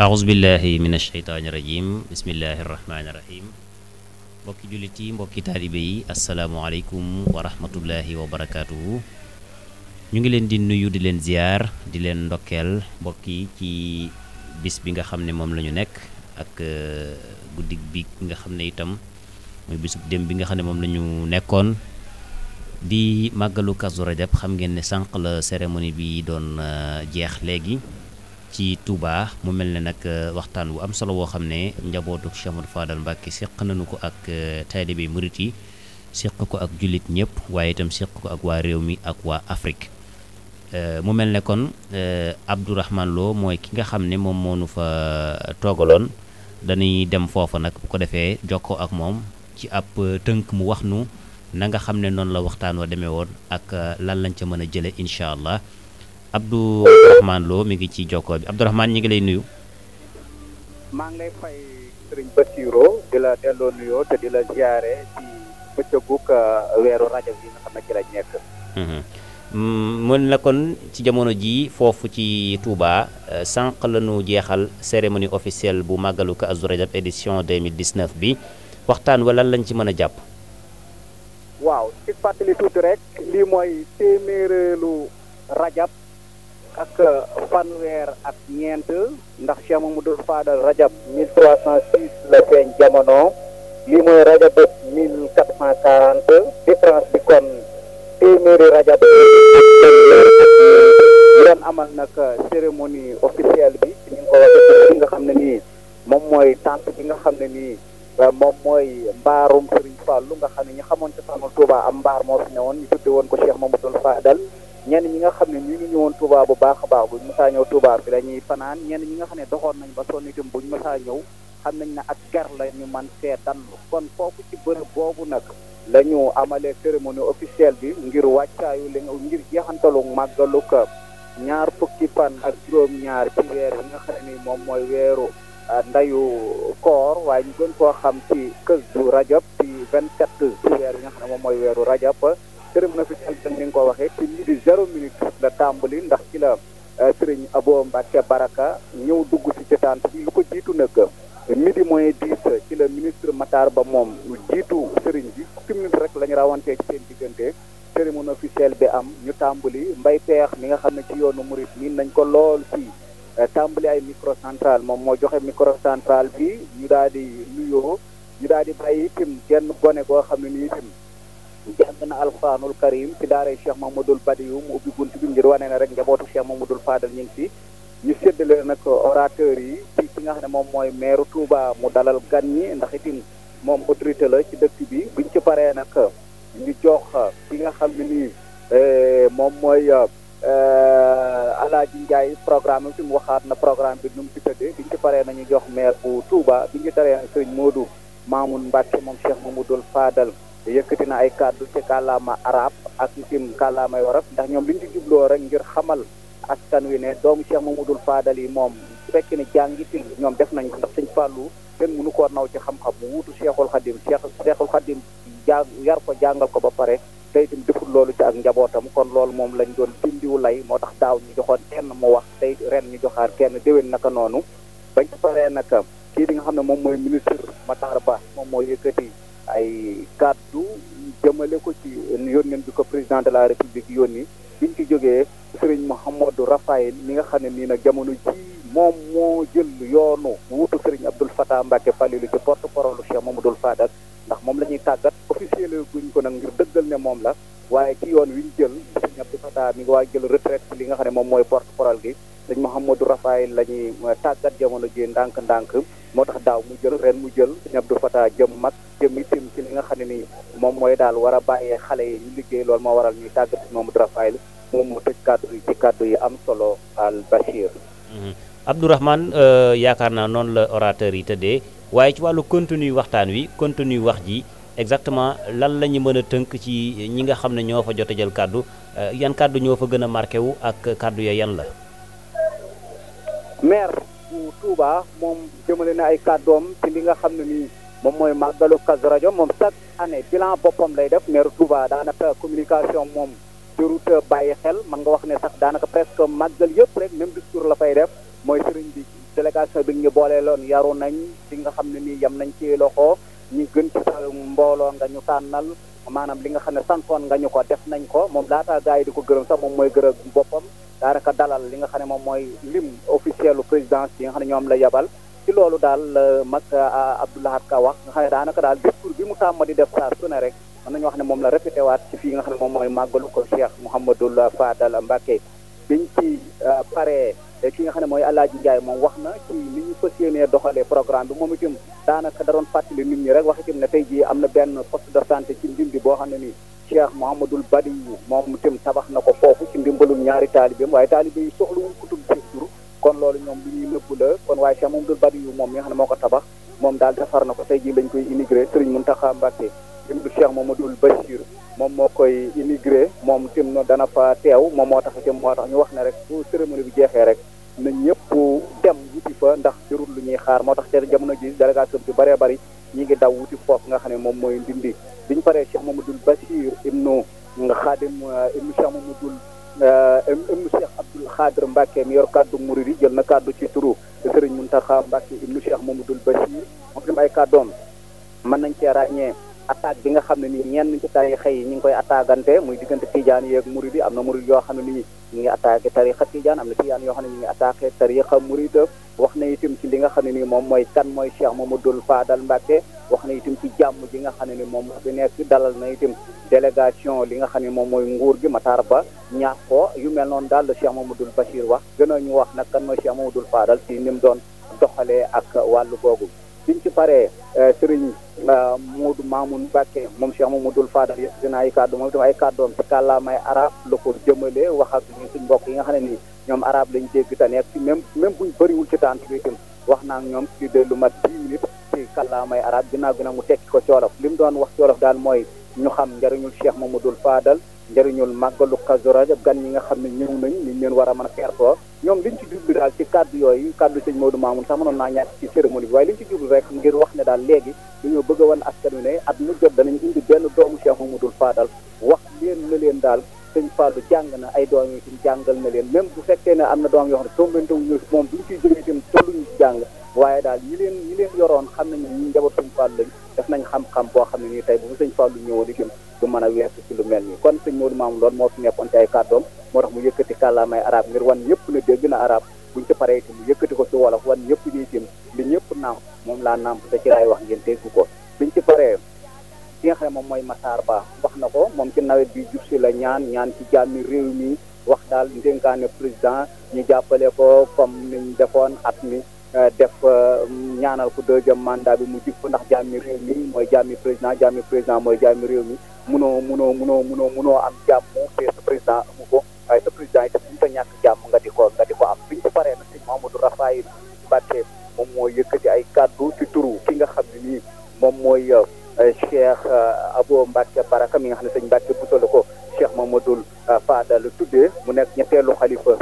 ahousubillahi min asheytaani rajim bismillahi irrahmaani irrahim mbokki jullit yi mbokki taalibe yi asalaamualeykum wa wa barakaatuhu ñu ngi leen di nuyu di leen ziyaar di leen ndokkeel mbokki ci bis bi nga xam ne moom lañu nekk ak euh, guddig bi nga xam ne itam muy bisub dem bi nga xam ne moom lañu nekkoon di màggalu Kazu Rajab xam ngeen ne sànq la cérémonie bi doon euh, jeex léegi ci tubaa mu mel ne nag euh, waxtaan wu am solo woo xam ne njabootu Cheikh Amadou Fadal Mbacke nañu ko ak euh, taalibe murit yi seq ko ak jullit ñëpp waaye itam seq ko ak waa réew mi ak waa Afrique mu mel ne kon Abdourahman Lo mooy ki nga xam ne moom moo nu fa toogaloon dañuy dem foofa nag bu ko defee jokkoo ak moom ci ab tënk mu wax nu. na nga xam ne noonu la waxtaan wa demee woon ak euh, lan lañ ca mën a jëlee incha allah Abdou Rahman Lo mi ngi ci jokkoo bi Abdou Rahman ñu ngi lay nuyu. maa ngi lay fay Serigne Bassirou di la delloo nuyoo te di la ziare ci euh, mën la mhm. mm, kon ci jamono jii foofu ci tuubaa euh, sanq la ñu jeexal cérémonie officielle bu màggalu Kazu Rajab édition 2019 bi waxtaan wa lan lañ ci mën a jàpp. waaw ci fàttali tuuti rek lii mooy téeméereelu rajab ak fanweer ak ñeent ndax Cheikh Mamadou Fadal rajab 1306 la feeñ jamono lii mooy rajab 1440 différence bi kon téeméeri rajab ñu amal nag cérémonie officielle bi ñu nga xam ne nii moom mooy tànt bi nga xam ne nii Euh, moom mooy mbaarum Serigne lu nga xam ne ñi xamoon ci fànnul Touba am mbaar moo fi woon ñu tudde woon ko ma Cheikh Mamadou dal ñen ñi nga xam ne ñu ngi ñëwoon Touba bu baax a baax buñ mësaa ñëw Touba fi la ñuy fanaan ñenn ñi nga xam ne doxoon nañ ba sonn bu ñu mësaa ñëw xam nañ ne ak gar la ñu man see dallu kon foofu ci bërëb boobu nag la ñu amalee cérémonie officielle bi ngir wàccaayu li ngir jeexantalu màggalu ko ñaar fukki fan ak juróom-ñaar ci weer yi nga xam moom mooy weeru Euh, ndayu koor waaye ñu gën koo xam ci këzu rajab ci vingt sept ci weer yi nga xam ne moom mooy weeru rajab sëriñ na fi seen ni nga ko waxee ci midi zéro minute la tàmbali ndax ci la euh, sëriñ Abo Mbacke Baraka ñëw dugg si ci tant bi lu ko jiitu nag midi moins dix ci la ministre Matar Ba moom jiitu sëriñ bi fukki minute rek la ñu rawantee ci seen diggante cérémonie officielle bi am ñu tàmbali mbay peex mi nga xam ne ci yoonu murit miin nañ ko lool fii Euh, tàmbali ay microcentral moom moo joxe microcentral bi ñu daal di nuyoo ñu daal di bàyyi itam genn gone goo xam ne nii itam jàng na alxuraanul karim ci daaray Cheikh Mamadou Badiou mu ubbi bunt bi ngir wane ne rek njabootu Cheikh Mamadou Fadal ñu ngi si ñu séddale nag orateur yi ci nga xam ne moom mooy maire Touba mu dalal gan ñi ndax itam moom autorité la ci dëkk bi buñ ci paree nag ñu jox ki nga xam ne nii euh, moom mooy. Euh, Alaaji Ndiaye programme bi mu waxaat na programme bi nu mu ci tëddee biñ ci paree nañu jox maire bu Touba biñ ci taree sëriñ Modou Mamoun Mbacke moom Cheikh Mamadou Fadal yëkkati na ay kàddu ci kàllaama arab ak itam kàllaamay waraf ndax ñoom liñ ci jubloo rek ngir xamal askan wi ne doomu Cheikh Mamadou Fadal yi moom su fekkee ne jàngitil ñoom def nañ ko ndax sëñ Fallou kenn mënu koo naw ci xam-xam mu wuutu Cheikhul Khadim Cheikh Cheikhul Khadim jàng yar ko jàngal ko ba pare tey itam deful loolu ci ak njabootam kon loolu moom lañ doon dindiwu lay moo tax daaw ñu joxoon kenn mu wax tey ren ñu joxaar kenn déwén naka noonu bañ ci paree nag kii di nga xam ne moom mooy ministre Matar Ba moom moo yëkkati ay kàddu jëmale ko ci yónneen bi ko président de la république yónni biñ ci jógee Serigne Mouhamadou Rafaïl mi nga xam ne nii nag jamono ji moom moo jël yoonu wuutu Serigne Abdoul Fattah Mbacké Falilou ci porte-parole Cheikh Fadal ndax moom la ñuy tàggat officier la guñ ko nag ngir dëggal ne moom la waaye ci yoon wi jël sëñ Abdou Fatah mi ngi waa jël retraite ci li nga xam ne moom mooy porte parole gi sëñ Mouhamadou Rafaïl la ñuy euh, tàggat jamono ji ndànk-ndànk moo tax daaw mu jël ren mu jël sëñ Abdou Fatah jëm mag jëm itam ci li nga xam ne ni moom mooy daal war a bàyyee xale yi ñu liggéey loolu moo waral ñuy tàggat sëñ Mouhamadou Rafaïl moom mu tëj kàddu yi ci kàddu yi am solo al Bachir mm-hmm. Abdourahmane euh, yaakaar naa noonu la orateur yi tëddee waaye ci wàllu contenu waxtaan wi contenu wax ji exactement lan la ñu mën a tënk ci ñi nga xam ne ñoo fa jot jël kàddu euh, yan kàddu ñoo fa gën a marqué wu ak kàddu ya yan la. maire bu Touba moom jëmale na ay kàddoom ci li nga xam ne nii moom mooy màggalu Kazu rajo moom chaque année bilan boppam lay def maire Touba daanaka communication moom jërut bàyyi xel mën nga wax ne sax daanaka presque màggal yëpp rek même discours la fay def mooy sëriñ bi. délégation bi ñu boolee loon yaru nañ li nga xam ne nii yem nañ ci loxo ñu gën ci mbooloo nga ñu tànnal maanaam li nga xam ne santoon nga ñu ko def nañ ko moom laataa gars yi di ko gërëm sax moom mooy gërëm boppam daanaka dalal li nga xam ne moom mooy lim officielu présidence yi nga xam ne ñoom la yebal ci loolu daal euh, mag euh, a Lahad Ka wax nga xam ne daanaka daal discours bi mu tàmm di def saa su ne rek mën nañu wax ne moom la répété waat ci fii nga xam ne moom mooy màggalu ko Cheikh Mouhamadoul Fadal Mbacké biñ ci euh, paree ki nga xam ne mooy Alaaji Njaay moom wax na ci li ñu fas yéenee doxalee programme bi moom itam daanaka da doon fàttali nit ñi rek wax itam ne tey jii am na benn poste de santé ci ndindi boo xam ne nii Cheikh Mouhamadoul Badi moom itam tabax na ko foofu ci ndimbalum ñaari taalibeem waaye taalibe yi soxlawul ku tudd seen tur kon loolu ñoom lu ñuy nëbbu la kon waaye Cheikh Mouhamadoul Badi moom mi nga xam moo ko tabax moom daal defar na ko tey jii lañ koy immigré Serigne Mountakha Mbacké ibnu Cheikh Mamadul Bachir moom moo koy immigré moom tim na dana fa teew moom moo tax tim moo tax ñu wax na rek bu cérémonie bi jeexee rek na ñëpp dem wuti fa ndax jërul lu ñuy xaar moo tax te jamono ji délégation bi bëree bëri ñi ngi daw wuti foofu nga xam ne moom mooy ndindi biñu paree Cheikh Mamadul Bachir ibnu Xaadim euh, ibnu Cheikh Mamadul euh, ibnu Cheikh Abdoul Xaadir Mbacke mi yor kàddu murid yi jël na kàddu ci turu Sëriñ Muntaxa Mbacke ibnu Cheikh Mamadul Bachir moom dul tim ay kàddoom man nañ cee ràññee attaque bi nga xam ne ni ñenn ci tarixa yi ñu ngi koy attaquante muy diggante tijaan yeeg murid yi am na murid yoo xam ne nii ñu ngi attaqué tarixa tijaan am na tijaan yoo xam ne ñu ngi wax na itam ci li nga xam ne nii moom mooy kan mooy Cheikh Mamadou Fadal Mbacke wax na itam ci jàmm ji nga xam ne ni moom moo fi nekk dalal na itam délégation li nga xam ne moom mooy nguur gi ma Matar Ba ñaax ko yu mel noonu daal la Cheikh Mamadou Bachir wax gën a ñu wax nag kan mooy Cheikh Mamadou Fadal ci ni mu doon doxalee ak wàllu googu biñ ci paree euh, sëriñ Moodu Mamoun Mbacke moom Cheikh Mamadou Fadal yëkkati dina ay kàddu moom itam ay kàddoom ci kàllaamay arab ko jëmale wax ak ñun mbokk yi nga xam ne nii ñoom araab lañ dégg te nekk ci même même buñ bëriwul ci tànt bi wax naa ak ñoom ci dellu mat 10 minutes ci kàllaamay arab ginnaaw gi mu tekki ko ci wolof li mu doon wax ci wolof daal mooy ñu xam njëriñul Cheikh Mamadou Fadal njëriñul màggalu Kazu Rajab gan ñi nga xam ne ñëw nañ liñ leen war a man a teertoo ñoom liñ ci jublu daal ci kàddu yooyu kàddu sëñ Maodo Mamoun sax mënoon naa ñàkk ci cérémonie bi waaye liñ ci jublu rek ngir wax ne daal léegi dañoo bëgg a wan askan wi ne at mu jot danañ indi benn doomu Cheikh Mamadou Fadal wax leen na leen daal sëñ Fallou jàng na ay doom yi jàngal na leen même bu fekkee ne am na doom yoo xam ne tombante wu ñu moom duñ ciy jógee itam waaye daal ñi leen ñi yoroon xam nañ ñi njaboot sëñ Fallou lañ def nañ xam-xam boo xam ne nii tey bu sëñ Fallou ñëwoon itam du mën a weer si lu mel nii Modou Mamoun loolu moo fi nekkoon ci ay kàddoom moo tax mu yëkkati kàllaamay arab ngir wan ñëpp ne dégg na arab buñ ca paree itam mu yëkkati ko ci wolof wan ñëpp ni itam li ñëpp naam moom laa naam te ci laay wax ngeen dégg ko biñ ci paree ki ne moom mooy Massar Ba wax na ko moom ci nawet bi jub si la ñaan ñaan ci jàmmi réew mi wax daal ndénkaane président ñu jàppale ko comme niñ defoon at mi euh, def euh, ñaanal ko deuxième mandat bi mu jub ko ndax jàmmi réew mi mooy jàmmi président jàmmi président mooy jàmmi réew mi munoo munoo munoo munoo munoo am jàmm te sa président amu ko waaye sa président itam mënut a ñàkk jàmm nga di ko nga di ko am biñ ci paree nag sëñ Mamadou Rafaïl Mbacké moom mooy yëkkati ay kàddu ci turu ki nga xam ne nii moom mooy euh, Cheikh euh, Abo Mbacké Baraka mi nga xam ne sëñ Mbacké bu solo ko Cheikh Mamadou euh, Fadal tuddee mu nekk ñetteelu xalifa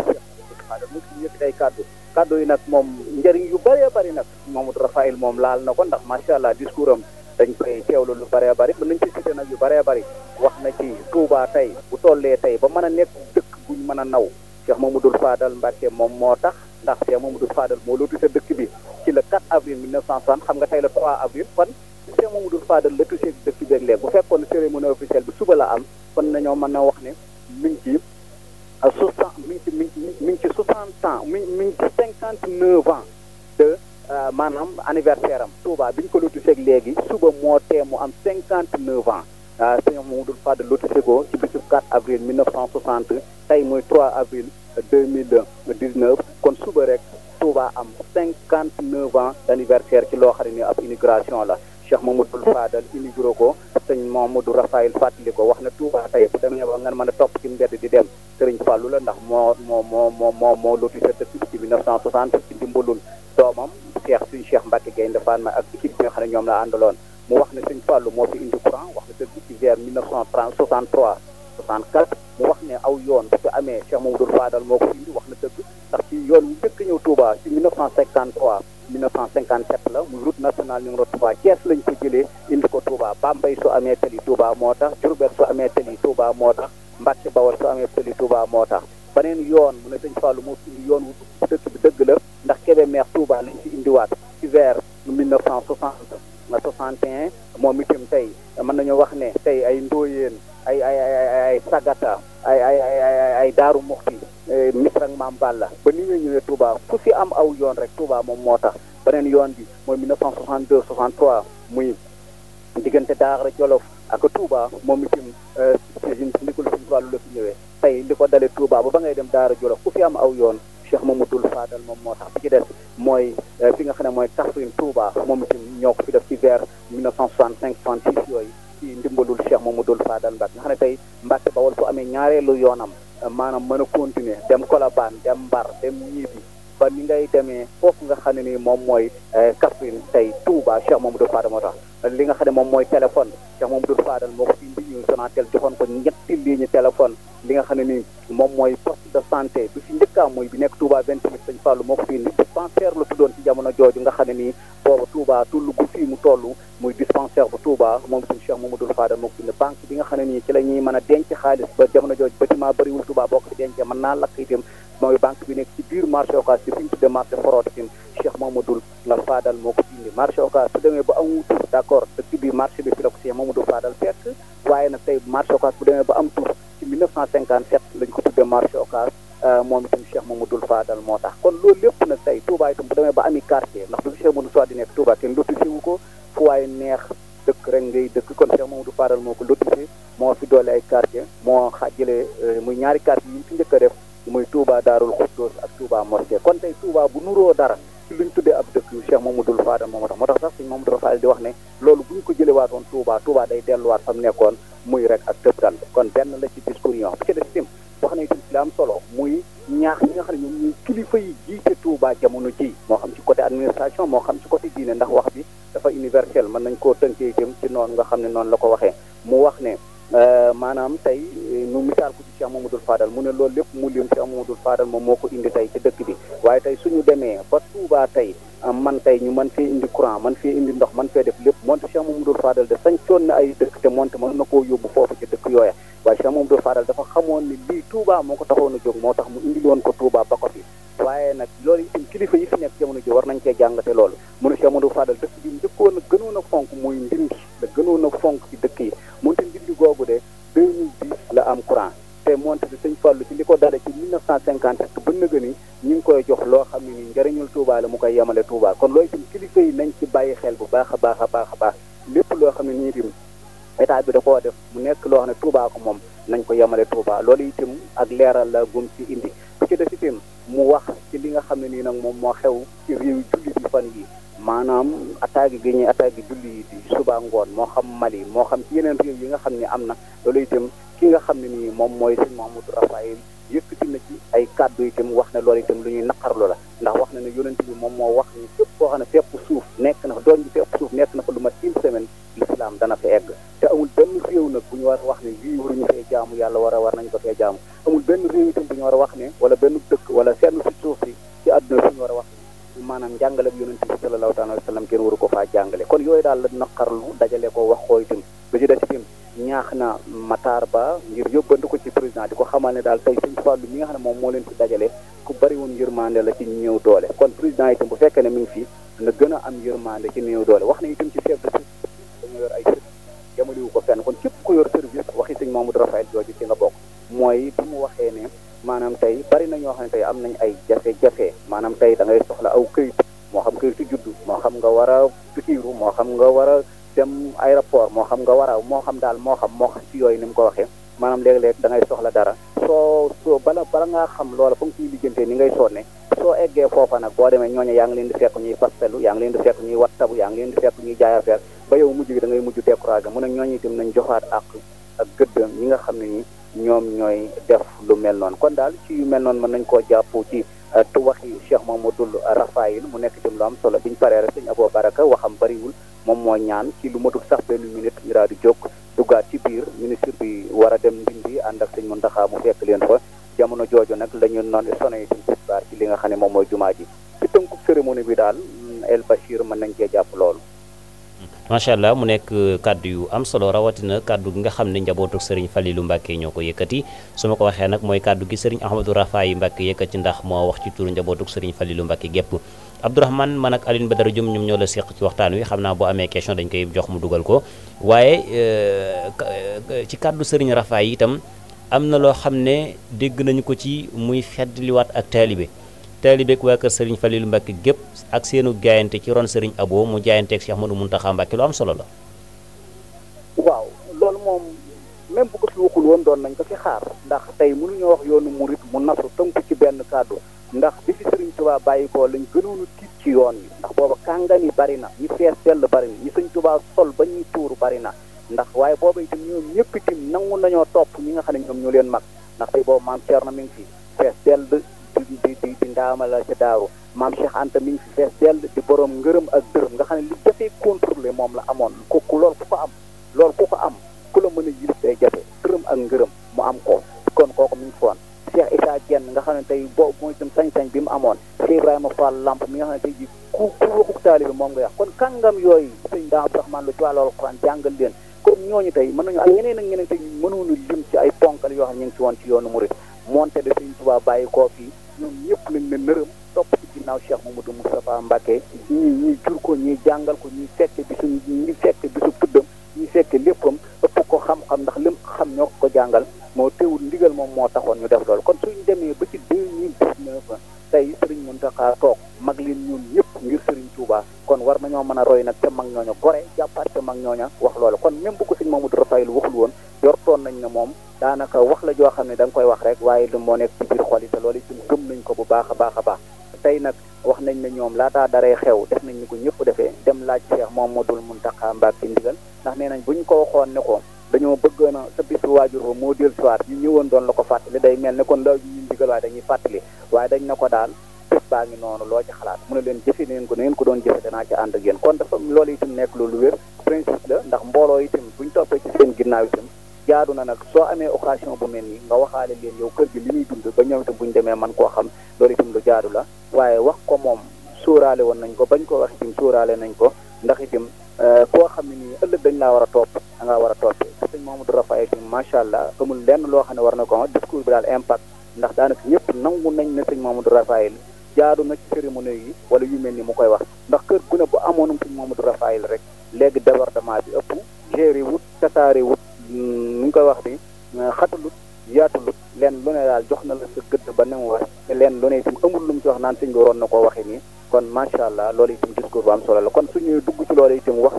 mu ngi yëkkati ay kàddu kàddu yi nag moom njëriñ yu bëree bëri nag Mamadou Rafaïl moom laal na ko ndax macha allah discours am dañ koy teewlu lu bëree bëri mën nañ ci baree bëri wax na ci Touba tey bu tollee tey ba mën a nekk dëkk buñ mën a naw Cheikh Mamadou Fadal Mbacke moom moo tax ndax Cheikh Mamadou Fadal moo lootu sa dëkk bi ci le 4 avril 1960 xam nga tey le 3 avril kon Cheikh Mamadou Fadal la touché dëkk bi ak léegi bu fekkoon cérémonie officielle bi suba la am kon nañoo mën a wax ne mi ngi ci soixante mi ngi ci mi ci mi ngi ci soixante ans mi mi ngi ci cinquante neuf ans de euh, maanaam anniversaire am Touba bi ñu ko lootu seeg léegi suba moo tee mu am cinquante neuf ans Sëñ Mamadou Fadel lotissé ko ci bisub 4 avril 1960 tey mooy 3 avril 2019 kon suba rek Touba am 59 ans d' anniversaire ci loo xam ne ab immigration la Cheikh Mamadou Fadel immigré ko sëñ Mamadou Rafael fàttali ko wax na Touba tey bu demee ba nga mën a topp ci mbedd di dem Serigne Fallou la ndax moo moo moo moo moo moo lotissé ci 1960 ci dimbalul doomam Cheikh suñu Cheikh Mbacke Gaynde Fatma ak équipe bi nga xam àndaloon. mu wax ne sëñ Fallou moo fi indi courant wax na dëgg ci vers 1963 64 mu wax ne aw yoon bu ko amee Cheikh Mamadou Fadal moo ko fi indi wax na dëgg ndax ci yoon wu njëkk ñëw Touba ci 1953 1957 la muy route nationale numéro 3 Thiès lañ ko jëlee indi ko Touba Bambey su amee tali Touba moo tax Diourbel su amee tali Touba moo tax Mbacke Bawol su amee tali Touba moo tax beneen yoon mu ne sëñ Fallou moo fi indi yoon wu dëgg la ndax Kébémer Touba lañ ci indiwaat ci vers 1960 61 moom itam tey mën nañoo wax ne tey ay ndóoyeen ay ay ay ay sagata ay ay ay ay daaru muxti eh, misrang maam Balla ba ni ñuy ñëwee Touba fu si am aw yoon rek Touba moom moo tax beneen yoon bi mooy 1962 63 muy diggante Daara Jolof ak Touba moom itam ndikul suñu wàllu la fi ñëwee tey li ko dalee Touba ba ba ngay dem Daara Jolof ku fi am aw yoon Cheikh Mamadou dal moom moo tax bi ci des mooy mooy Kaffrine Touba moom itam ñoo ko fi def ci vers 1965 66 yooyu ci ndimbalul Cheikh Mamadou Fadal Mbacke nga xam ne tey Mbacke Bawol fu amee ñaareelu yoonam maanaam mën a continuer dem Colobane dem Mbar dem Ñibi ba ni ngay demee foofu nga xam ne nii moom mooy eh, Kaffrine tey Touba Cheikh moo tax li nga xam ne moom mooy téléphone Cheikh Mamadou fi indi ñu Sonatel ko ñetti ligne téléphone li nga xam ne nii moom mooy poste de santé bi fi njëkkaa mooy bi nekk Touba jooju nga xam ne nii booba Touba tull gu fii mu toll muy dispensaire bu Touba moom suñu Cheikh Mamadou Fada moo ko xam ne nii la ñuy mën a denc xaalis ba jamono moo ko bind d' accord dëkk bi marché bi fi la ko Cheikh marché Ocass bu demee ba euh, moom itam Cheikh Mamadou moo tax ñaari kaat yi ñu fi njëkk a def muy Touba Daarul Xuddoos ak Touba Mosquée kon tey Touba bu nuroo dara ci luñ tuddee ab dëkk Cheikh Mamadou Fadal moo tax moo tax sax suñ Mamadou Fadal di wax ne loolu bu ñu ko jëlewaatoon Touba Touba day delluwaat fa mu nekkoon muy rek ak tëbtal kon benn la ci discours yi wax bi ci des tim wax na itam ci am solo muy ñaax ñi nga xam ne kilifa yi jiite Touba jamono ji moo xam ci côté administration moo xam ci côté diine ndax wax bi dafa universel mën nañ ko tënkee itam ci noonu nga xam ne noonu la ko waxee mu wax ne Euh, maanaam tey nu euh, misaal ko ci Cheikh Mamadou Fadal mu ne loolu lépp mu lim Cheikh Mamadou Fadal moom moo ko indi tey ci dëkk bi waaye tey suñu demee ba Touba tey man tey ñu man fee indi courant man fee indi ndox man fee def lépp moonte Cheikh Mamadou Fadal de sañcoon na ay dëkk te moonte mën na koo yóbbu foofu ci dëkk yooya waaye Cheikh Mamadou Fadal dafa xamoon ni lii Touba moo ko taxoon a jóg moo tax mu indi loon ko Touba ba ko fi waaye nag loolu itam kilifa yi fi nekk jamono ji war nañ cee jàngate loolu mu ne Cheikh Mamadou Fadal dëkk bi njëkkoon a gënoon a fonk muy ndindi gënoon a fonk ci dëkk yi moonte ndindi googu de 2010 la am courant te moonte bi sëñ Fallou ci li ko dale ci 1957 ba nëgë ni ñu ngi koy jox loo xam ne ni njëriñul Touba la mu koy yemale Touba kon loolu itam kilifa yi nañ ci bàyyi xel bu baax a baax a baax a baax lépp loo xam ne nii itam état bi da koo def mu nekk loo xam ne Touba ko moom nañ ko yemale Touba loolu itam ak leeral la gum ci indi bu ci def itam mu wax ci li nga xam ne nii nag moom moo xew ci réew jullit yi maanaam attaque gi ñuy attaque julli yi di suba ngoon moo xam Mali moo xam ci yeneen réew yi nga xam ne am na loolu itam ki nga xam ne nii moom mooy sëñ Mamadou Rafaayil yëkkati na ci ay kàddu itam wax ne loolu itam lu ñuy naqarlu la ndax wax na ne yonent bi moom moo wax ni képp koo xam ne fépp suuf nekk na fa doon bi fépp suuf nekk na fa lu mat une semaine l'islam dana fa egg te amul benn réew nag bu ñu war a wax ne lii waruñu fee jaamu yàlla war a war nañu ko fee jaamu amul benn réew itam bu ñu war a wax ne wala benn dëkk wala fenn suuf si ci àdduna bu ñu a wax maanaam njàngale bi yonente bi sallallahu taala wa sallam kenn ko faa jàngale kon yooyu daal la naqarlu dajale ko wax ko itam lu ci des itam ñaax na Matar Ba ngir ko ci président di ko xamal ne daal tey sëñ Fallou mi nga xam ne moom moo leen fi dajale ku bari woon yërmande la ci néew doole kon bu fekkee ne mi ngi fi na gën a am yërmande ci néew doole wax na itam ci chef de yor ay service yamaliwu ko fenn kon képp ku yor service waxi sëñ Mamadou Rafael jooju ci nga bokk mooy bi mu waxee ne maanaam tey bari na ñoo xam ne tey am nañ ay jafe-jafe maanaam tey da ngay nga war moo xam daal moo xam moo xam ci yooyu ni mu ko waxee maanaam léeg-léeg da ngay soxla dara soo soo bala bala ngaa xam loola fa nga ciy lijjantee ni ngay sonne soo eggee foofa nag boo demee ñooñu yaa ngi leen di fekk ñuy faspelu yaa ngi leen di fekk ñuy wattabu yaa ngi leen di fekk ñuy jaay affaire ba yow mujj gi da ngay mujj découragé mun a ñooñu joxaat ak ak gëddam ñi nga xam ne ni ñoom ñooy def lu mel noonu kon daal ci yu mel noonu mën nañ koo jàpp ci tu euh, moom Cheikh Mamadou Rafaayil mu nekk itam lu am solo biñ paree rek sëñ Abou Baraka waxam bariwul mooy ñaan ci lu matul sax benn minute ñu daal di jóg duggaat ci biir ministre bi war a dem Ndindi ànd ak sëñ Mountakha mu fekk leen fa jamono jooju nag la ñu noon sonné ci li nga xam ne moom mooy jumaa ji ci tënku cérémonie bi daal El Bachir mën nañ cee jàpp loolu macha allah mu nekk kàddu yu am solo rawatina kàddu gi nga xam ne njabootu sëriñ Falilou Mbacke ñoo ko yëkkati su ma ko waxee nag mooy kàddu gi sëriñ Ahmadou Rafaay Mbacke yëkkati ndax moo wax ci turu njabootu sëriñ Falilou Mbacke gépp Abdourahmane man ak Alioune Badara Diom ñoom ñoo la seq ci waxtaan wi xam naa boo amee question dañ koy jox mu dugal ko waaye euh, ci kàddu sëriñ Rafaay yi itam am na loo xam ne dégg nañu ko ci muy feddliwaat ak taalibe taalibeeg waa kër Serigne Falilou Mbacke gépp ak seenu jaayante ci ron Serigne Abo mu jaayanteeg Cheikh Ahmadou Mountakha Mbacke lu am solo la. waaw loolu moom même bu ko fi waxul woon doon nañ ko ci xaar ndax tey mënuñoo wax yoonu murit benn kàddu. ndax di fi Sëriñ Tuubaa bàyyi ko lañ gënoon a tiit ci yoon yi ndax booba kàngan yi bari na ñu fees dell bari na ñu Sëriñ Tuubaa sol ba ñuy tuuru bari na ndax waaye booba itam ñu ñëpp itam nangu nañoo topp ñi nga xam ne ñoom ñu leen mag ndax tey boobu maam Cerno mi ngi fi fees dell di di di ndaamala ca daaru maam Cheikh Anta mi ngi fi fees dell di borom ngërëm ak dërëm nga xam ne li jafee contrôler moom la amoon ku ku loolu ku ko am loolu ku ko am ku la mën a yilif day jafe dërëm ak ngërëm mu am ko kon kooku mi ngi Cheikh a Dieng nga xam ne tey boo mooy itam sañ-sañ bi mu amoon Cheikh Ibrahima Fall Lamp mi nga xam ne tey ji ku ku waxuk taalibi moom nga wax kon kàngam yooyu sëñ daa Abdourahmane lu ci wàllu alxuraan jàngal leen comme ñooñu tey mën nañu ak ñeneen ak ñeneen tey mënuñu lim ci ay ponkal yoo ñu ngi ci woon ci yoonu murit moonte de sëñ Tuubaa bàyyi koo fii ñoom ñëpp lañ nërëm topp ci ginnaaw Cheikh Mamadou Moustapha Mbacké ñii ñii jur ko ñii jàngal ko ñii fekke bisu ñi fekke léppam ëpp ko xam-xam ndax lim xam ñoo ko jàngal moo teewul ndigal moom moo taxoon ñu def loolu kon suñ demee ba ci deux mille dix-neuf tey Serigne Mountakha toog mag leen ñun ñëpp ngir Serigne kon war nañoo mën a roy nag mag ñooña gore jàppaat te mag ñooña wax loolu kon même bu ko sëñ Mamadou Rafaayil waxul woon yortoon nañ ne moom daanaka wax la joo xam ne da koy wax rek waaye du moo nekk ci biir xol yi te loolu itam gëm nañ ko bu baax a baax a baax tey nag wax nañ ne ñoom laataa daree xew def nañ ni ko ñëpp defee dem laaj Cheikh Mamadou Mountakha Mbacké ndigal ndax nee nañ bu ñu ko waxoon ne ko dañoo bëggoon a sa bisu waajur ko moo del soir ñu ñëwoon doon la ko fàttali day mel ne kon ndaw ji ñu ndigal waaye dañuy fàttali waaye dañ na ko daal bis baa ngi noonu loo ci xalaat mu ne leen jëfe neen ko ne ngeen ko doon jëfe danaa ci ànd ak yéen kon dafa loolu itam nekk lu wér principe la ndax mbooloo itam bu ñu toppee ci seen ginnaaw itam jaadu na nag soo amee occasion bu mel nii nga waxaale leen yow kër gi li ñuy dund ba ñoom itam bu ñu demee man koo xam loolu itam lu jaadu la waaye wax ko moom suuraale woon nañ ko bañ ko wax itam nañ ko ndax dañ laa war a topp da ngaa war a toppee te sëñ Mamadou Rafaay bi macha allah amul lenn loo xam ne war na ko discours bi daal impact ndax daanaka ñëpp nangu nañ ne sëñ Mamadou Rafaay jaadu na ci cérémonie yi wala yu mel ni mu koy wax ndax kër gu ne bu amoonum sëñ Mamadou Rafaay rek léegi débordement bi ëpp géré wut tasaare wut nu ñu koy wax ni euh, xatalut yaatulut leen lu ne daal jox na la sa gëdd ba ne mu war te leen lu ne itam amul lu mu ci wax naan sëñ bi na koo waxee nii kon macha allah loolu itam discours bu am solo dugg ci wax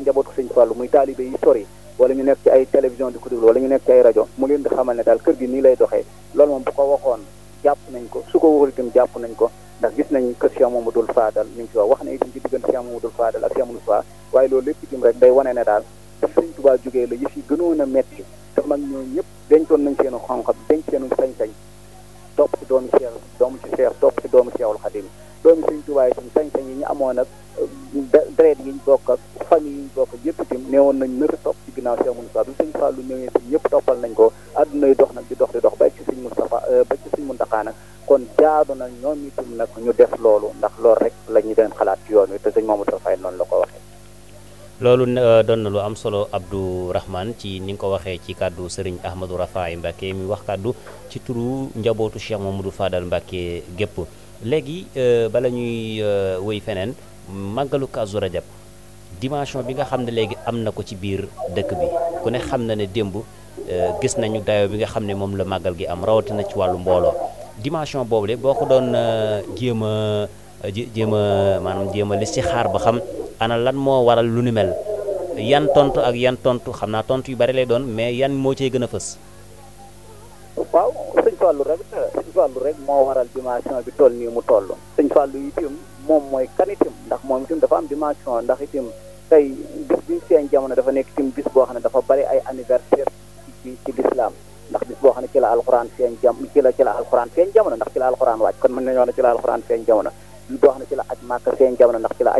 muy taalibe yi sori wala ñu nekk ci ay télévision di ko déglu wala ñu nekk ci ay rajo mu leen di xamal ne daal kër gi nii lay doxee loolu moom bu ko waxoon jàpp nañ ko su ko waxul itam jàpp nañ ko ndax gis nañ kër Cheikh Mamadou Fadal mi ngi ci wax wax na itam ci diggante Cheikh Mamadou Fadal ak Cheikh Mamadou Fadal waaye loolu lépp itam rek day wane ne daal daf Sëñ Tuubaa jógee la yëf yi gënoon a metti te mag ñooñu ñëpp dencoon nañ seenu xam-xam denc seenu sañ-sañ topp ci doomu Cheikh doomu ci Cheikh topp ci doomu Cheikhul Xadim doomu Sëñ Tuubaa itam sañ-sañ yi ñu amoon nag deret yi ñu bokk ak famille yi ñu bokk ak yëpp itam neewoon nañ nër topp ci ginnaaw Cheikh Moustapha bi sëñ Fallou nañ ko àdduna yi dox nag di dox di dox ba ci sëñ Moustapha euh, ba ci sëñ nag kon jaadu na ñoom itam nag ñu def loolu ndax rek la ñu doon xalaat yoon wi te sëñ Mamadou Faye noonu la ko waxee loolu euh, doon na lu am solo Abdou Rahman ci ni nga ko waxee ci kàddu Serigne Ahmadou Rafaay Mbacke mi wax kàddu ci turu njabootu Cheikh Mamadou Fadal Mbacke gépp léegi euh, bala ñuy wéy feneen màggalu Kazu Rajab dimension bi nga xam ne léegi am na ko ci biir dëkk bi ku ne xam na ne démb euh, gis nañu dayo bi nga xam ne moom la màggal gi am rawatina ci wàllu mbooloo dimension boobu de boo ko doon euh, jéem a euh, jéem a maanaam jéem a li si xaar ba xam ana lan moo waral lu ni mel yan tontu ak yan tontu xam naa tontu yu bari lay doon mais yan moo cee gën a fës. waaw sëñ Fallou rek sëñ Fallou rek moo waral dimension bi toll nii mu toll sëñ moom mooy kan itam ndax moom itam dafa am dimension ndax itam tey bis bi ñu seen jamono dafa nekk itam bis boo xam ne dafa bari ay anniversaire ci ci lislaam ndax bis boo xam ne ci la alxuraan seen jam ci la ci la alxuraan seen jamono ndax ci la alxuraan wàcc kon mën nañoo ne ci la alxuraan seen jamono bis boo xam ne ci la aj maaka seen jamono ne ci la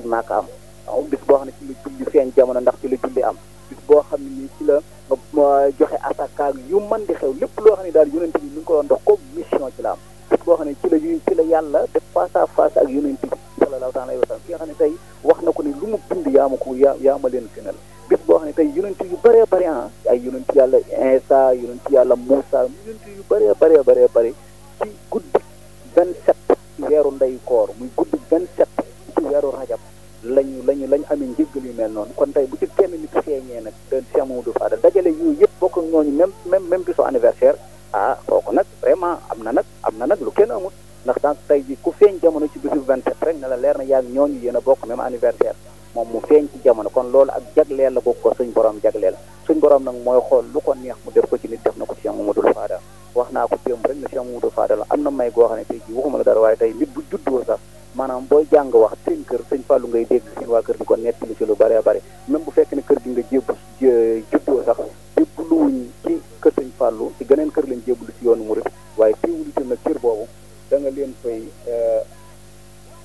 julli jamono ndax ci la julli am bis boo xam ne nii ci la euh, joxe asaka yu mën di xew lépp loo xam ne daal yonente bi mi ngi ko doon dox comme mission ci la am boo xam ne ci la ci la yàlla def face à face ak yonent bi sallallahu taala alayhi wa sallam nga xam ne tey wax na ko ni lu mu bind yaa ma ko yaa ma leen gënal bis boo xam ne tey yonent yu bëree bëri ah ay yonent yàlla Insa yonent yàlla Moussa yonent yu bëree bëree bëree bëri ci guddi vingt sept ci weeru ndey koor muy guddi vingt sept ci weeru rajab lañu lañu lañ amee njëggal yu mel noonu kon tey bu ci kenn nit feeñee nag de Cheikh Mamadou Fadal dajale yooyu yëpp bokk ak ñooñu même même même bisu anniversaire ah kooku nag vraiment am na nag am na nag lu kenn amul ndax tant tey ji ku feeñ jamono ci bisu 27 rek ne la leer na yaa ngi ñooñu yéen a bokk même anniversaire moom mu feeñ ci jamono kon loolu ak jagleel la ko ko suñ borom jagleel suñ borom nag mooy xool lu ko neex mu def ko ci nit def na ko Cheikh Mamadou Fadal wax naa ko démb rek ne Cheikh Mamadou Fadal am na may goo xam ne tey ji waxuma la dara waaye tey nit bu juddoo sax maanaam booy jàng wax seen kër sëñ Fallou ngay dégg seen waa kër di ko nettali ci lu bëree bëri même bu fekk ne kër gi nga jébbu juddoo sax jébbu luwuñ ci kër sëñ Fallou ci geneen kër lañ jébbalu ci yoonu mu murit waaye teewul itam nag cër boobu da nga leen koy euh,